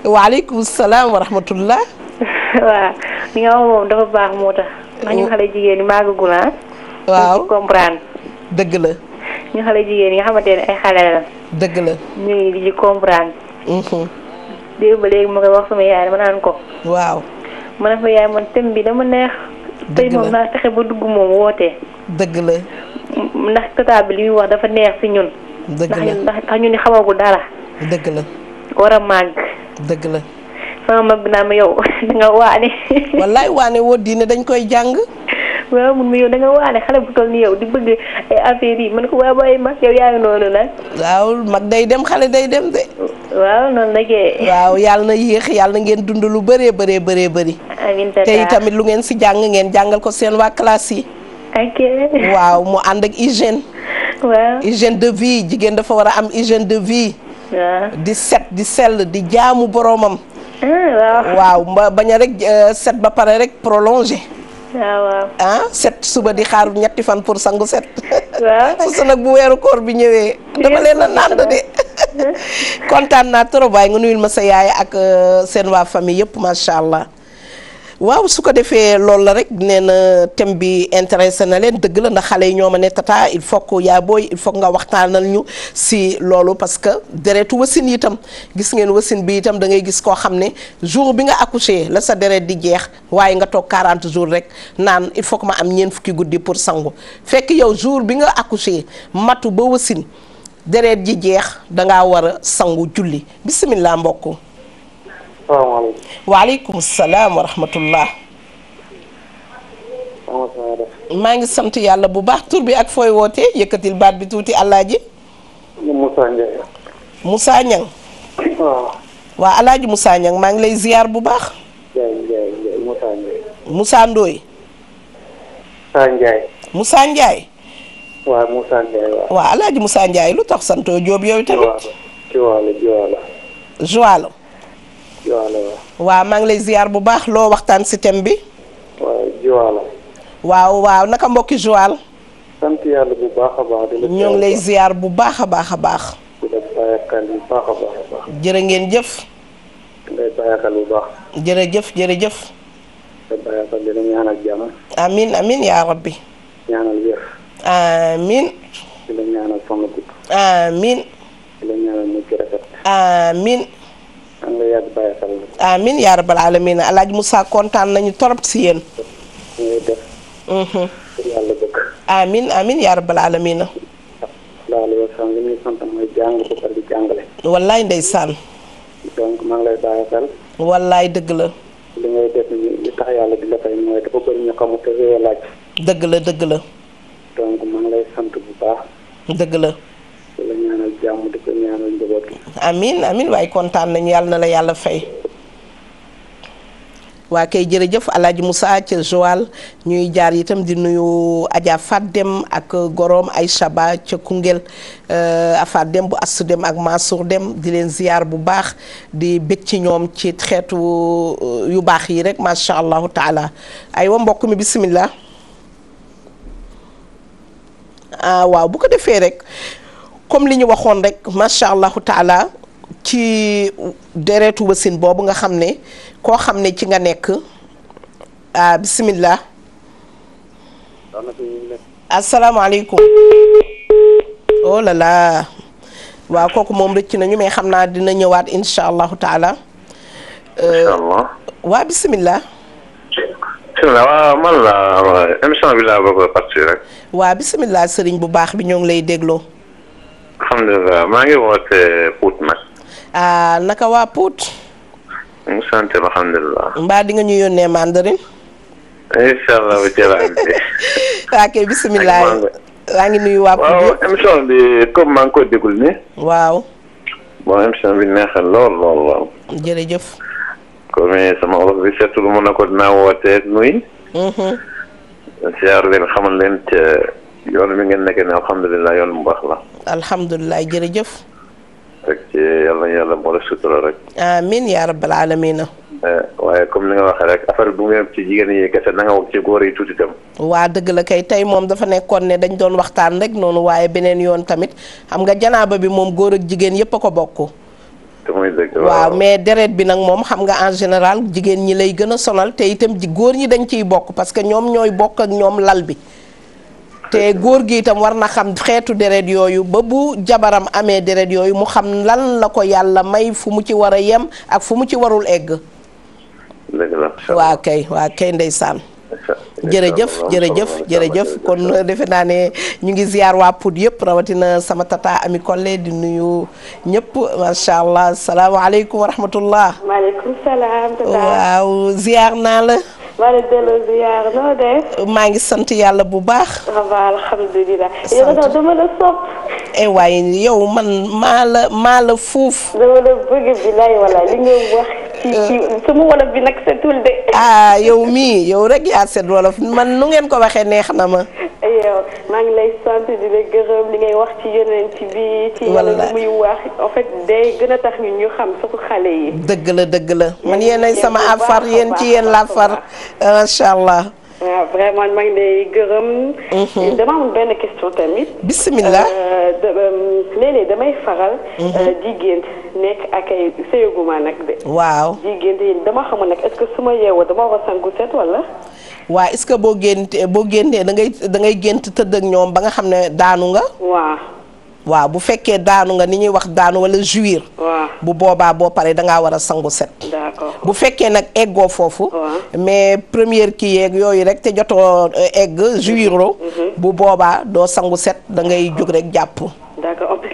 salaamaaleykum. salaam wa rahmatullah. [LAUGHS] waaw li nga wax moom dafa baax moo tax. ndax ñu xale jigéen ñi màggagul ah. waaw comprendre. dëgg la. ñu xale jigéen ñi nga xamante ne ay xale dëgg la ñu ngi di ci mm-hmm. wax yaay ko. waaw. man thème dama neex. tey moom naa fexe ba dugg moom woote dëgg la ndax tata bi li muy wax dafa neex si ñun dëgg la ndax ñu ni xamagul dara dëgg la war a màgg dëgg la a mag bi naa ma yow [LAUGHS] da nga waane wallaay waane woo diine dañ koy jàng waaw mun ma yow da nga waane xale bu eh, affaire yi man ko waa bàyyi mag yow yaa ngi noonu waaw mag day dem xale day dem de. waaw noonu na yéex yàlla na ngeen dund lu bëree bëree bëree bëri. te tamit lu ngeen si jàng ngeen jàngal ko seen waa classe yi. waaw mu ànd ak hygiène. waaw hygiène de vie jigéen dafa war a am hygiène de vie. waaw di set di sell di jaamu boroomam. Ah, waaw waaw bañ a rek eh, set ba pare rek prolongé. waaw ah set suba di xaar ñetti fan pour sangu set. waaw [LAUGHS] su nag bu weeru koor bi ñëwee. dama leen a de. [LAUGHS] kontaan naa trop waaye nga nuyul ma sa yaay ak euh, seen waa famille yëpp macha allah. waaw su ko defee loolu la rek nee na thème bi intéressé na leen dëgg la ndax xale yi ñoo ma ne tata il faut que yaa booy il faut nga waxtaanal ñu si loolu parce que deretu wasin itam gis ngeen wasin bi itam da ngay gis koo xam ne jour bi nga accouché la sa deret di jeex waaye nga toog quarante jours rek naan il faut ma am ñeen fukki guddi pour sangu fekk yow jour bi nga accouché matu ba wasin deret ji jeex dangaa war a sangu julli bisimilah mbokk salaamaaleykum. waaleykum salaam wa maa ngi sant yàlla bu baax tur bi ak fooy wootee yëkkatil baat bi tuuti alaaji. Moussa Ndiaye. Moussa Niang. waaw. Ah. waa alaaji Moussa Niang maa ngi lay ziar bu baax. Moussa Ndiaye. Moussa Ndoye. Moussa Ndiaye. Moussa Ndiaye. waaw Moussa Ndiaye lu tax santoo Diop yow tamit. Joal Joal Jiwaalo waaw maa ngi lay ziar bu baax loo waxtaan si thème bi. waaw Jiwaalo. waaw waaw mbokki Joal. sant lay ziar bu baax a baax a baax. di la bàyyi bu baax a baax a baax. jërë ngeen jëf. di lay bàyyi jërëjëf jërëjëf. di yaa rabbi. ñaanal wér. amiin yaa rabbal aalamiin alaaj Moussa kontaan nañu torop si yéen. Mhm. amiin amiin yaa rabbal aalamiin. wallaay ndeysaan. donc maa ngi lay bàyyi xel. wallaay dëgg la. li ngay def ni li tax yàlla di la fay mooy dafa bëri ñu xamul te laaj. dëgg la dëgg la. donc maa ngi lay sant bu baax. dëgg la. jàmm di amin amin waaye kontaan nañu yàlla na la yàlla fay waa kay jërëjëf Alaaji musa ca Joal ñuy jaar itam di nuyu Adja Dem ak goroom Aïcha Ba ca Koungheul euh, Afat Dem bu Astu Dem ak Mansour Dem di leen ziyaar bu baax di bég ci ñoom ci xeetu euh, yu baax yi rek macha allahu taala aywa mbokk mi bisimilah ah, waaw bu ko defee rek. comme li ñu waxoon rek macha allahu taala ci deretu wasin boobu nga xam ne koo xam ne ci nga nekk ah bisimilah. asalaamaaleykum. oh là là waaw kooku moom rëcc nañu mais xam naa dina ñëwaat incha allahu taala. incha allah waa bisimilah. bi laa waa bisimilah sëriñ bu baax bi ñoo ngi lay dégloo. alhamdulilah maa ngi woote Pout nag. ah naka waa Pout. ñu ngi alhamdulilah. mbaa di nga ñu yónnee mandarin. incha allah bu jëlaat bi. waa [LAUGHS] ngi nuyu waa Pout waaw comme maa ngi ko déglu nii. waaw. bon émission bi neexal lool lool lool. jërëjëf. comme sama olof bi setul mu ne ko dinaa wootee nuy. Mhm. ziar leen xamal leen yoon bi ngeen nekkee ne alhamdulilah yoon bu baax la. alhamdulilah jërëjëf. teg ci yàlla na yàlla boole sutura rek. amiin yaa rabbal aalamiina. Eh, waaye comme ni nga waxee rek affaire bu ngeen ci jigéen ñi kese na wax ci góor yi tuuti tam. waa dëgg la kay tey moom dafa nekkoon ne dañ doon waxtaan rek noonu waaye beneen yoon tamit xam nga janaaba bi moom góor ak jigéen yépp a ko bokk. waaw mais deret bi nag moom xam nga en général jigéen ñi lay gën a sonal te itam góor ñi dañ ciy bokk parce que ñoom ñooy bokk ak ñoom lal bi. te góor gi itam war na xam xeetu deret yooyu ba bu jabaram amee deret yooyu mu xam lan la ko yàlla may fu mu ci war a yem ak fu mu ci warul egg waa kay waa kay ndeysaan jërëjëf jërëjëf jërëjëf kon defe naa ne ñu ngi ziar waa Pout yëpp rawatina sama tata Ami Collé di nuyu ñëpp macha allah salaamaaleykum wa rahmatullah. waaw ziar naa la. maa ngi maa ngi sant yàlla bu baax. alhamdulilah. yow nag dama la sopp. eh waaye yow man maa la maa la fuuf. dama la bëgg bi lay wala li nga wax. Euh. sama wolof bi nag setul de. ah yow mii yow rek yaa set wolof man nu ngeen ko waxee neex na ma. maa ngi lay sant di gërëm li ngay wax ci yeneen ci bi ci yeneen muy wax en fait day gën a tax ñun ñu xam surtout xale yi. dëgg la dëgg la man yéenay sama afar yéen ci yéen la far macha allah. waaw ah, vraiment maa ngi lay gërëm. Mhm. dama am benn question tamit. bisimilah euh, euh, léeg damay faral. di mhm. euh, gént nekk ak ay sëyaguma nag de. waaw di gént yéen dama xamul nag est su ma yeewoo dama war sangu set wala. waaw est-ce que boo géntee boo géntee da ngay da ngay gént tëdd ak ñoom ba nga xam ne daanu nga. waaw. waaw bu fekkee daanu nga ni ñuy wax daanu wala jouir. waaw bu boobaa boo paree da ngaa war a sangu set. bu fekkee nag eggo foofu mais première kii yeeg yooyu rek te joto euh, egg juiro mhm. mhm. bu boobaa doo sangu set da ngay jóg rek jàpp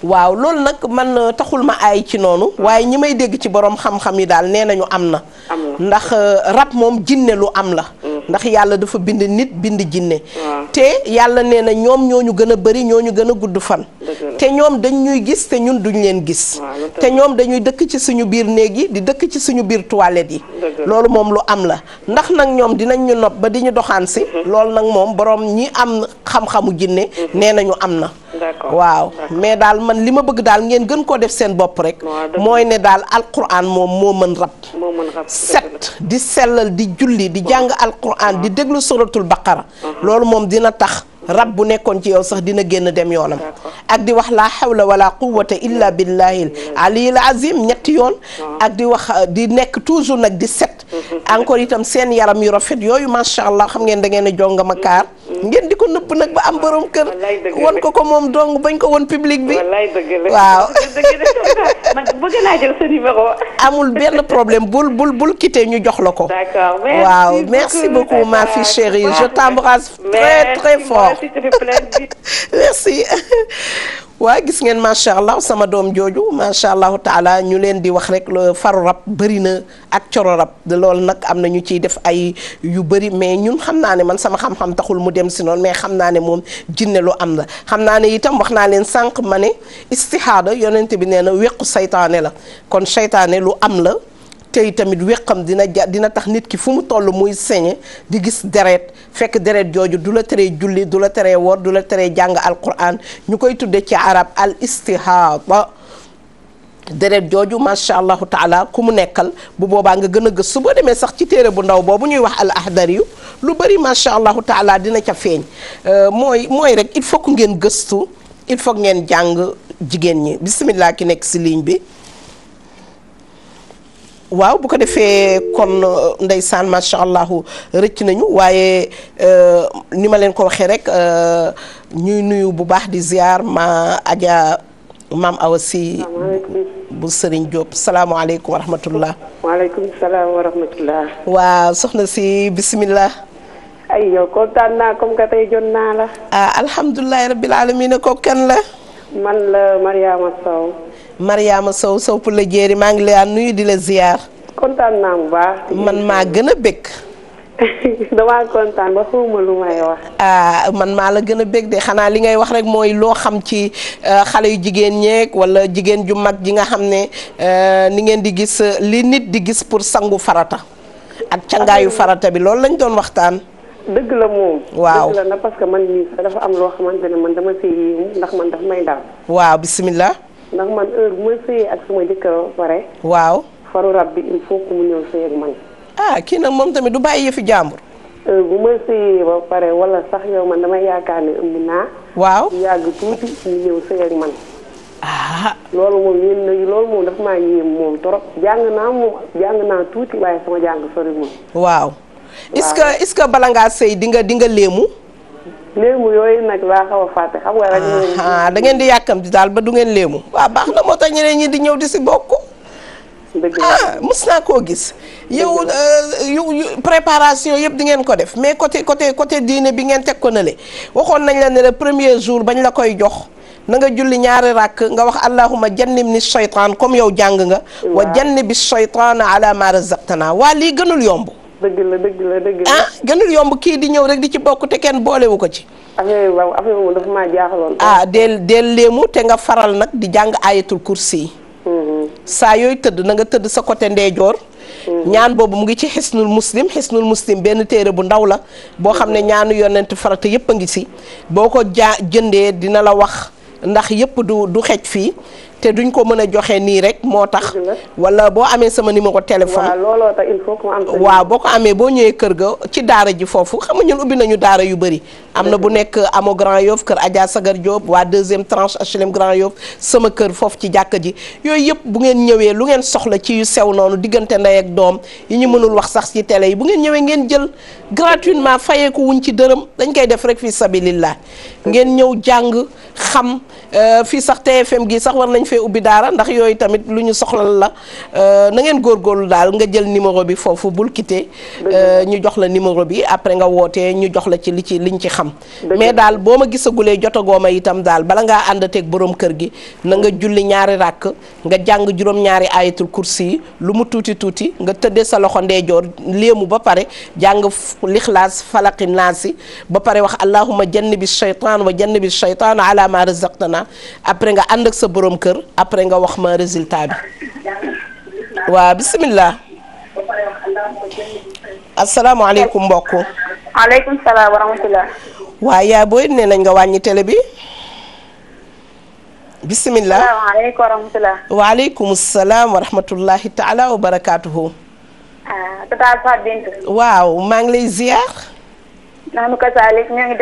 waaw loolu nag man euh, taxul ma ay ci noonu mm. waaye ñi may dégg ci borom xam-xam yi daal nee nañu am na ndax euh, rab moom jinne lu am la mm. ndax yàlla dafa bind nit bind jinne te yàlla nee na ñoom ñoo ñu gën a bari ñoo ñu gën a gudd fan te ñoom dañ ñuy gis te ñun duñ leen gis te ñoom dañuy dëkk ci suñu biir néeg yi di dëkk ci suñu biir toilette yi loolu moom lu am la ndax nag ñoom dinañ ñu nopp ba di ñu doxaan si mhm. loolu nag moom boroom ñi am xam-xamu jinne mhm. nee nañu am na waaw mais daal man li ma bëgg daal ngeen gën koo def seen bopp rek mooy ne daal alquran moom moo mën rab set di sellal alquran di déglu suratul baqara mhm. loolu moom dina tax rab bu nekkoon ci yow sax dina génn dem yoonam ak di wax laa hawla wala quwwata illa billahil mhm. aliyil azim ñetti yoon mhm. ak di wax euh, di nekk toujours nag di set encore itam seen yaram yu rafet yooyu macha allah xam ngeen da ngeen a jongama kaar ngeen di ko nëpp nag ba am borom kër. won ko ko moom dong bañ ko won public bi. waaw. [LAUGHS] bëgg naa amul benn problème bul bul bul quitté ñu jox la ko. d'accord merci waaw merci beaucoup ma fille chérie je t'embrasse très très fort [LAUGHS] merci. [LAUGHS] waaye gis ngeen macha allah sama doom jooju macha allah taala ñu leen di wax rek faru rab bëri na ak coro rab loolu nag am na ñu ciy def ay yu bëri mais ñun xam naa ne man sama xam-xam taxul mu dem si noonu mais xam naa ne moom jinne lu am la xam naa ne itam wax naa leen sànq ma ne istihaada yonent bi nee na wéqu seytaane la kon saytaane lu am la tey tamit wéqam dina ja dina tax nit ki fu mu toll muy sañe di gis deret fekk deret jooju du la teree julli du la teree wor du la teree jàng alquran ñu koy tuddee ci arab al istihaada deret jooju macha allahu taala ku mu nekkal bu boobaa nga gën a gës su boo demee sax ci téere bu ndaw boobu ñuy wax al ahdari yu lu bëri macha allahu taala dina ca feeñ euh, mooy mooy rek il faut ngeen gëstu il faut ngeen jàng jigéen ñi bisimilah ki nekk si ligne bi waaw bu ko defee kon euh, ndeysaan macha allah rëcc nañu waaye euh, ni ma leen ko waxee rek euh, ñuy nuyu bu baax di ziar ma Adja maam Awa si bu Serigne Diop salaamaaleykum wa rahmatullah. salaam wa rahmatullah. waaw soxna si bismillah. ay yow kontaan naa comme que naa la. ah alhamdulilah rabbil alamin kenn la. man la Mariama Sow. Mariama Sow Sow pour la jéeri maa ngi lay nuyu di la ziar. kontaan naa bu baax. man maa gën a bëgg. [LAUGHS] damaa kontaan ba xawma lu may wax. Ah, man maa la gën a bëgg de xanaa li ngay wax rek mooy loo xam ci ah, xale yu jigéen ñeeg wala jigéen ju mag ji nga xam ne ah, ni ngeen di gis li nit di gis pour sangu farata. ak cangaayu farata bi loolu lañ doon waxtaan. dëgg la moom. waaw dëgg parce que man dafa am loo xamante ne man dama ndax man daf may waaw bisimilah. ndax man heure bu may sëyee ak suma jëkkër ba pare. waaw faru rab bi il faut que mu ñëw sëy ak man. ah kii nag moom tamit du bàyyi yëfi jàmbur. bu ma sëyee ba pare wala sax yow man damay yaakaar ne ëmb naa. waaw yàgg tuuti mu ñëw sëy ak man. ah. loolu moom yéen nag loolu moom dafa maa yéem moom trop jàng naa moom jàng naa tuuti waaye sama jàng sori moom. waaw est que est que bala ngaa sëy di nga di nga léemu. léemu yooyu nag laa xaw a fàtte xam nga rek. da ngeen di yàkkamti daal ba du ngeen léemu. waaw baax na moo tax ñeneen ñi di ñëw di si bokk. dëgg ah mës naa koo gis. yow euh, yow préparation yëpp di ngeen ko def mais côté côté côté diine bi ngeen teg ko na le waxoon nañ la ne le premier jour bañ la koy jox. na nga julli ñaari ràkk nga wax allahuma jannib ni shaytaan comme yow jàng nga. wa jannib bi shaytaan ala ma razaqtana waa lii gënul yomb. dëgg la dëgg la dëgg la ah gënul yomb kii di ñëw rek di ci bokk te kenn boolewu ko ci. affaire yi waaw affaire moom dafa maa jaaxaloon. ah del del léemu te nga faral nag di jàng ayatul kursi. Mhm. saa yooyu tëdd na nga tëdd sa côté ndeyjoor. Mhm. ñaan boobu mu ngi ci xisnul muslim xisnul muslim benn téere bu ndaw la boo xam ne mhm. ñaanu yonent farata yépp a ngi si boo ko jaa jëndee dina la wax ndax yépp du du xej fii te duñ ko mën a joxe nii rek moo tax. wala boo amee sama numéro téléphone. waaw waaw boo ko amee boo ñëwee kër ga ci daara ji foofu xam nga ñun ubbi nañu daara yu bëri. am na bu nekk amo Grand Yoff kër Adja Sagar Diop waa deuxième tranche HLM Grand Yoff sama kër foofu ci jàkk ji yooyu yëpp bu ngeen ñëwee lu ngeen soxla ci yu sew noonu diggante ndey ak doom yi ñu mënul wax sax ci télé yi bu ngeen ñëwee ngeen jël gratuitement fayee wuñ ci dërëm dañ koy def rek fii sabilillah ngeen ñëw jàng xam euh, fii sax TFM gi sax war nañ fee ubbi daara ndax yooyu tamit lu ñu soxlal la euh, na ngeen góorgóorlu daal nga jël numéro bi foofu bul quitté euh, ñu jox la numéro bi après nga wootee ñu jox la ci li ci liñ ci xam mais daal boo ma gisagulee jotagoo ma itam daal bala ngaa ànd teeg borom kër gi na nga julli ñaari ràkk nga jàng juróom-ñaari ayatul kursi yi lu mu tuuti tuuti nga tëdde sa loxo ndeejoor léemu ba pare jàng lixlaas falaqi naasi ba pare wax allahuma jannibi shaytaan wa jannibi shaytaan ala ma razaqtana après nga ànd ak sa borom kër répondre après nga wax ma résultat bi waaw bisimilah. asalaamaaleykum mbokk. maaleykum salaam wa rahmatulah. waaw yaa bi. bisimilah asalaamaaleykum wa rahmatulah. waaleykum salaam wa rahmatulahi taala wa barakaatuhu. ah tata Fatou Bintou. waaw maa ngi lay ziar. naanu ko Salif ñoo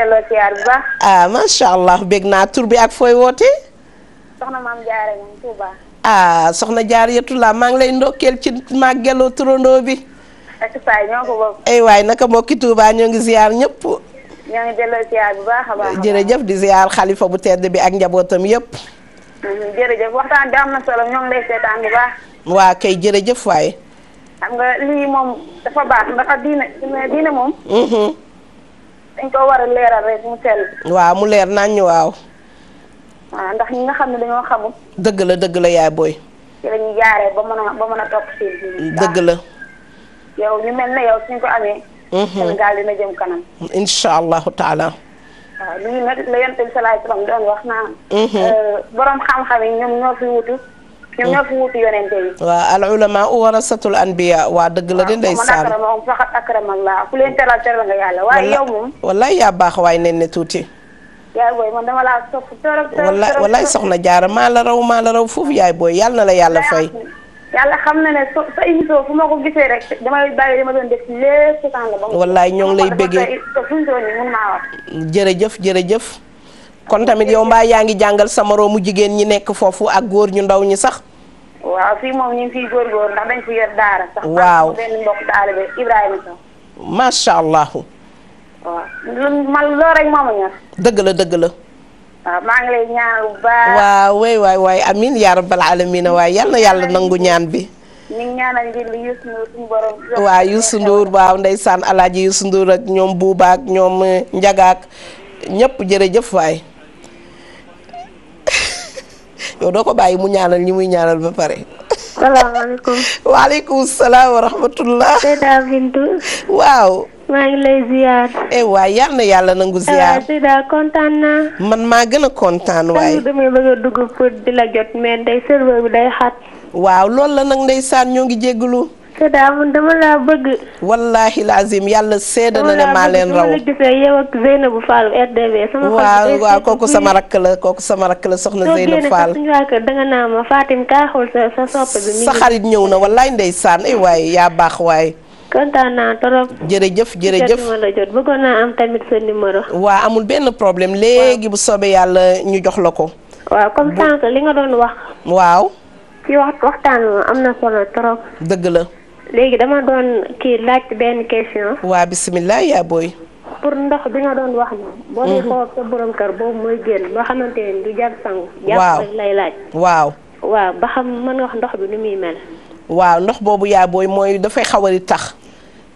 ah, allah bég naa tur bi ak fooy wootee. soxna maam jaare moom Touba. ah soxna jaariyatu la maa ngi lay ndokkeel ci màggalu turandoo bi. ak saa ñoo ko bokk. waay naka mbokki Touba ñoo ngi ziar ñëpp. ñoo ngi delloo ziar bu baax jërëjëf di ziar xalifa bu tedd bi ak njabootam yépp mm-hmm, jërëjëf waxtaan bi am na solo waa kay jërëjëf waaye. xam nga lii moom dafa baax ndax diine moom. Mm-hmm. dañ ko war a leeral rek mu sell. waaw mu leer nañu waaw. waaw ndax ñi nga xam ne dañoo xamul. dëgg la dëgg la yaay booy. ci la ñuy jaaree ba si. dëgg la. yow ñu ko amee. Mhm. Sénégal mhm. euh, xam-xam yi ñoom ñoo fi wutu. ñoom ñoo fi wutu yonente al ulama warasatul anbiya waa dëgg la de waaye yow moom. wallaay yaa baax waay nen tuuti. yaay booy soxna jaara maa la raw maa la raw foofu yaay booy yàlla na la yàlla fay. yàlla xam na ne so sa émission fu ma lay bëggee fu mu wax. kon tamit yow mbaa yaa ngi jàngal sa moroomu jigéen ñi nekk foofu ak góor ñu ndaw ñi sax. waaw fii moom ñu ngi fiy góorgóor ndax dañ fi yor daara. sax benn allah. waaw man la dëgg la. waaw maa ngi lay waay waay waay yaa rabbal aalamiina waay yal na yàlla nangu ñaan bi. ñu ngi ñaanal ngir li Youssou Ndour suñu borom. waaw Youssou Ndour waaw ndeysaan alaaji ak ñoom Bouba ñoom eh, Ndiaga ak ñëpp jërëjëf waay. [LAUGHS] yow doo ko bàyyi mu ñaanal ñi muy ñaanal ba pare. salaamaaleykum. [LAUGHS] waaleykum salaam wa waaw. maa ngi lay ziar. eh waay yal na yàlla nangu eh ziar. waaw kontaan naa. man maa gën a kontaan waaye. damay bëgg a pour di la jot mais day serveur bi day xat. waaw loolu la nag ndeysaan ñoo ngi jégalu. Seyda man dama laa bëgg. wallaahi laazim yàlla seede na ne maa leen raw. dama laa bëgg yow ak waaw waaw kooku sama rakk la kooku sama rakk la soxna Zeynabou Fall. soo génne naa ma Fatim kaa xool sa xarit ñëw na wallaay ndeysaan ay eh waay yaa baax waay. kontaan naa trop. jërëjëf jërëjëf jot la bëggoon naa am tamit sa numéro. waa amul benn problème léegi bu soobee yàlla ñu jox la ko. waaw comme sànq li nga doon wax. waaw. ci waxtu waxtaan am na solo trop. dëgg la. léegi dama doon kii laaj benn question. waa bisimilah yaa booy. pour ndox bi nga doon wax ni boo dee mhm. xaw sa borom kër boobu mooy génn loo xamante ne du jar sangu. waaw lay laaj. waaw. waaw ba xam mën wax ndox bi nu muy mel. waaw ndox boobu yaa booy mooy dafay xaw a tax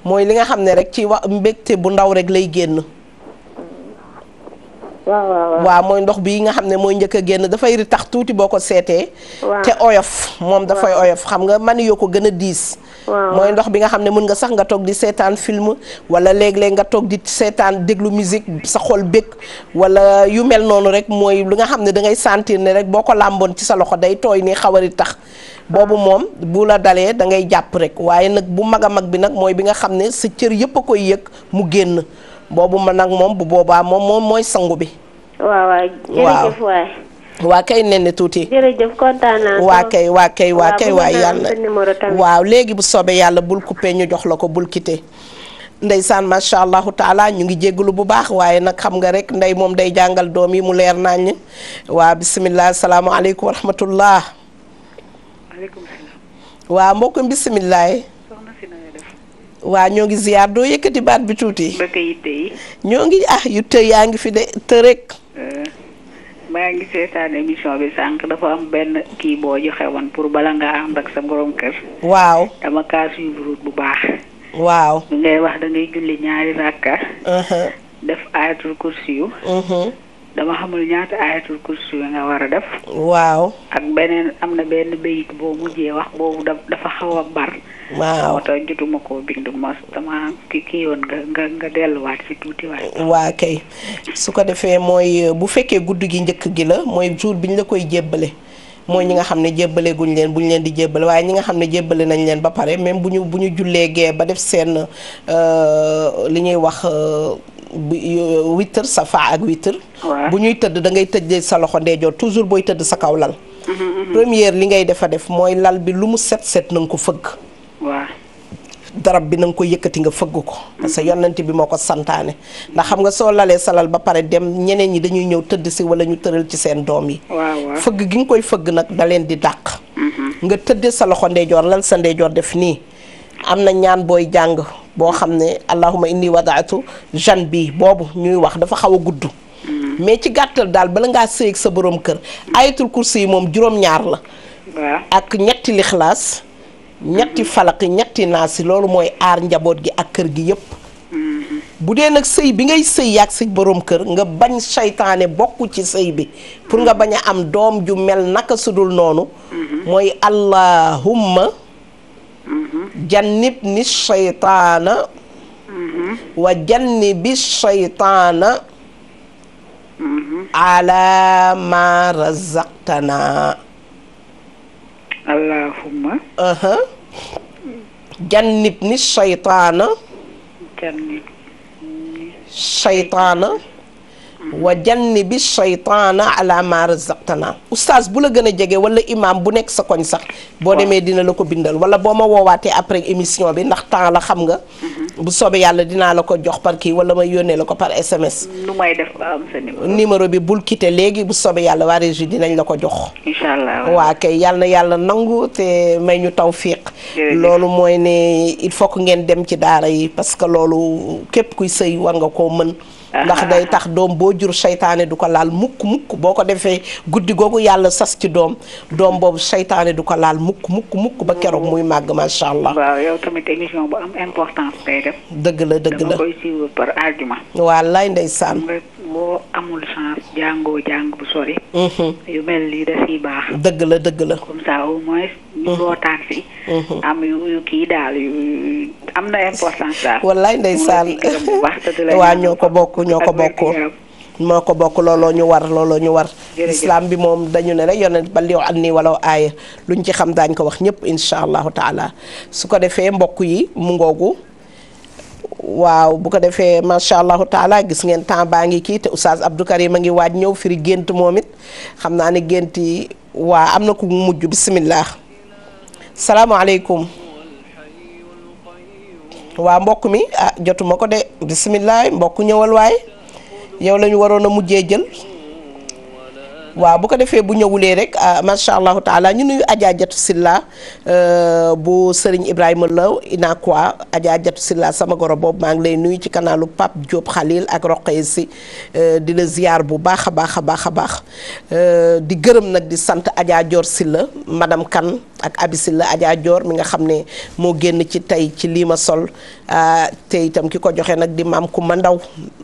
mooy li nga xam ne rek ci wax mbégte bu ndaw rek lay génn. waaw waaw mooy ndox bii nga xam ne mooy njëkk a génn dafay tax tuuti boo ko seetee. te oyof moom dafay oyof xam nga man yoo ko gën a diis. mooy ndox bi nga xam ne mën nga sax nga toog di seetaan film wala léeg-léeg nga toog di seetaan déglu musique sa xol bég wala yu mel noonu rek mooy lu nga xam ne dangay sentir ne rek boo ko làmboon ci sa loxo day tooy ni xawari tax. boobu moom bu la dalee da ngay jàpp rek waaye nag bu mag a mag bi nag mooy bi nga xam ne sa cër yëpp a koy yëg mu génn boobu ma nag moom bu boobaa moom moom mooy sangu bi. waaw waaw kay nen ne tuuti. jërëjëf kontaan naa. waa waaw léegi bu soobee yàlla bul coupé ñu jox la ko bul quitté. ndeysaan macha allahu taala ñu ngi jégalu bu baax waaye nag xam nga rek ndey moom day jàngal doom yi mu leer naññ waa bisimilah salaamualeykum aleykum rahmatullah maaleykum salaam. waaw mbokk mi waa ñoo ngi ziar doo yëkkati baat bi tuuti. ba ñoo ngi ah yu tey yaa ngi fi de te rek. Eh, maa ngi seetaan émission bi sànq dafa am benn kii boo joxe woon pour bala nga ànd ak sa borom kër. waaw dama kaa suivre bu baax. waaw bi ngay wax dangay ngay julli ñaari rakka. Uh-huh. def aayatul kursi yu. Uh-huh. dama xamul ñaata ayatul kursi yi nga war a def. waaw. ak beneen am na benn béyit boo mujjee wax boobu dafa xaw a bar. waaw moo tax jotuma koo bindu mos dama ki kii yoon nga nga nga delluwaat si tuuti waay. su ko defee mooy bu fekkee gudd gi njëkk gi la mooy jour bi ñu la koy jébbale. mooy ñi nga xam ne jébbale guñ leen bu ñu leen di jébbale waaye ñi nga xam ne jébbale nañ leen ba pare même bu ñu bu ñu jullee gee ba def seen euh, li ñuy wax. Euh, Euh, sa safa ak witr bu ñuy tëdd da ngay tëj sa loxo ndeyjoor toujours booy tëdd sa kaw lal mm-hmm, mm-hmm. première li ngay defa def mooy lal bi lu mu set set na nga ko fëgg darab bi na nga ko yëkkati nga fëgg ko parce que yonent bi moo ko santaane ndax xam nga soo lalee salal ba pare dem ñeneen ñi dañuy ñëw tëdd si wala ñu tëral ci seen doom yi fëgg gi nga koy fëgg nag da leen di dàq mm-hmm. nga tëddee sa loxo ndeyjoor lal sa ndeyjoor def nii am na ñaan booy jàng boo xam ne allahuma inni wadaatu jan bi boobu ñuy wax dafa xaw a gudd mais ci gàttal daal bala ngaa sëyeg sa boroom kër ayatul kursi yi moom juróom-ñaar la ak ñetti lixlaas ñetti falak ñetti naasi loolu mooy aar njaboot gi ak kër gi yépp mm-hmm. bu dee nag sëy bi ngay sëy yaag sa borom kër nga bañ seytaane bokk ci sëy bi pour nga mm-hmm. bañ a am doom ju mel naka sudul noonu mm-hmm. mooy allahumma jannibni shaytaana wa jannibi shaytaana ala ma razaqtana allahumma jannibni shaytaana jannibni shaytaana wa janni bi soy shaytaana ala ma razaqtana oustaz bu la gën a jege wala imam bu nekk sa koñ sax boo demee dina la ko bindal wala boo ma woowaatee après émission bi ndax temps la xam nga mm-hmm. bu soobee yàlla dinaa la ko jox par kii wala may yónnee la ko par SMS nu may numéro bi bul quitté léegi bu soobee yàlla waa régie dinañ la ko jox waa kay yàlla na yàlla nangu te may ñu taw tawfiq loolu mooy ne il faut ngeen dem ci daara yi parce que loolu képp kuy sëy war nga koo mën ndax day tax doom boo jur seytaane du ko laal mukk mukk boo ko defee guddi googu yàlla sas ci doom doom boobu seytaane du ko laal mukk mukk mukk ba keroog muy màgg macha allah. waaw yow tamit bu am importance day dëgg la dëgg la dama koy suivre par àjjuma. wallaay ndeysaan. boo amul mm-hmm. nii dëgg la dëgg la. am na importance daal. wallaay ndeysaan [LAUGHS] ñoo ko bokk ñoo ko bokk. moo ko bokk looloo ñu war looloo ñu war. islam bi moom dañu ne rek yonent ba liw an nii wala aaya luñ ci xam daañ ko wax ñëpp incha allahu taala su ko defee mbokk yi mu waaw bu ko defee macha allahu gis ngeen temps baa ngi kii te oustaz Abdou Karim ngi waaj ñëw firi gént moom it xam naa ne gént yi waa am na ku mujj bisimilah. salaamaaleykum. waa mbokk mi ah jotuma ko de bisimilah mbokk ñëwal waay yow la ñu waroon a mujjee jël. waaw bu ko defee bu ñëwulee rek ah, macha allahu taala ñu nuyu Adja Jatu Silla euh, bu Serigne Ibrahima Lo Inakwa Adja Jatu Silla sama goro boobu maa ngi lay nuyu ci kanaalu Pape Diop Khalil ak Roqee si euh, di la ziar bu baax a baax a baax a baax euh, di gërëm nag di sant Adja Dior Silla Kan ak Abi la Adja Dior mi nga xam ne moo génn ci tey ci lii ma sol ah, te itam ki ko joxe nag di maam Kumba Ndaw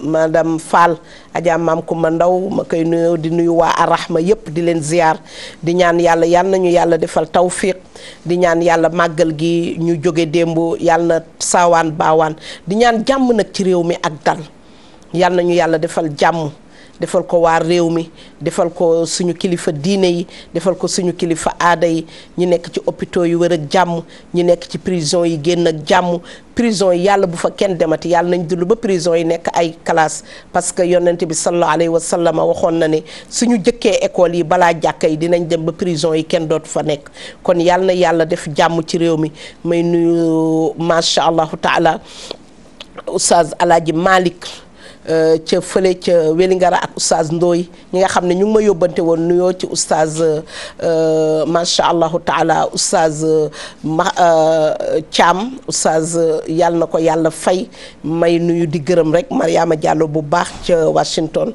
madame Fall Adja maam ku Kumba Ndaw ma koy nuyu di nuyu rahma yépp di leen ziyaar di ñaan yàlla yal nañu yàlla defal tawfiq di ñaan yàlla màggal gi ñu jóge démb yàlla na saawaan baawaan di ñaan jàmm nag ci réew mi ak dal yal nañu yàlla defal jàmm defal ko waar réew mi defal ko suñu kilifa diine yi defal ko suñu kilifa aada yi ñu nekk ci hôpitaux yu wër ak jàmm ñu nekk ci prison yi génn ak jàmm prison yi yàlla bu fa kenn demati yàlla nañ dund ba prison yi nekk ay classe parce que yonent bi sallallahu alayhi wa sallam waxoon na ne suñu jëkkee école yi balaa jàkka yi dinañ dem ba prison yi kenn dootu fa nekk kon yàlla na yàlla def jàmm ci réew mi may nuyu macha allahu taala oustaz alaaji Euh, ca fële ca Wélingara ak oustaz Ndoy ñi nga xam ne ñu ngi ma yóbbante woon nuyoo ci oustaz euh, macha allahu taala oustaz euh, ma Thiam oustaz yàlla na ko yàlla fay may nuyu di gërëm rek Mariama Diallo bu baax ca Washington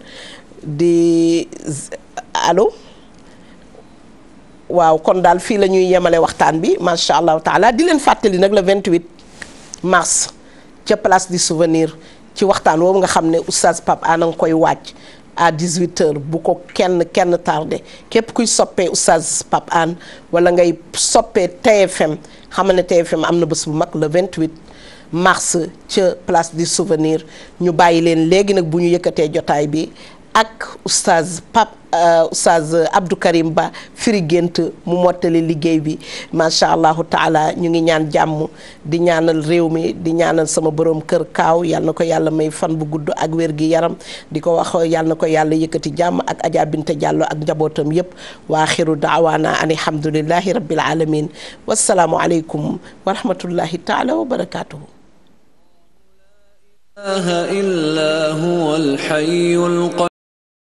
di alo waaw kon daal fii la ñuy yemale waxtaan bi macha allahu taala di leen fàttali nag le 28 mars ca place du souvenir ci waxtaan woowu nga xam ne oustaz Pape Anna nga koy wàcc à 18h bu ko kenn kenn tardé képp kuy soppee oustaz Pape ann wala ngay soppee TFM xam ne TFM am na bés bu mag la vingt 28 mars ca place du souvenir ñu bàyyi leen léegi nag bu ñu yëkkatee jotaay bi. ak oustaz Pape euh, oustaz Abdou Karim Ba firi gént mu mottali liggéey bi macha allahu taala ñu ngi ñaan jàmm di ñaanal réew mi di ñaanal sama borom kër kaaw yal na ko yàlla may fan bu gudd ak wér gi yaram di ko wax yal na ko yàlla yëkkati jàmm ak Adja Binta ak njabootam yëpp waa xiru daawaana ani alhamdulillahi rabbil alamin wasalaamu aleykum wa rahmatullahi wa barakaatuhu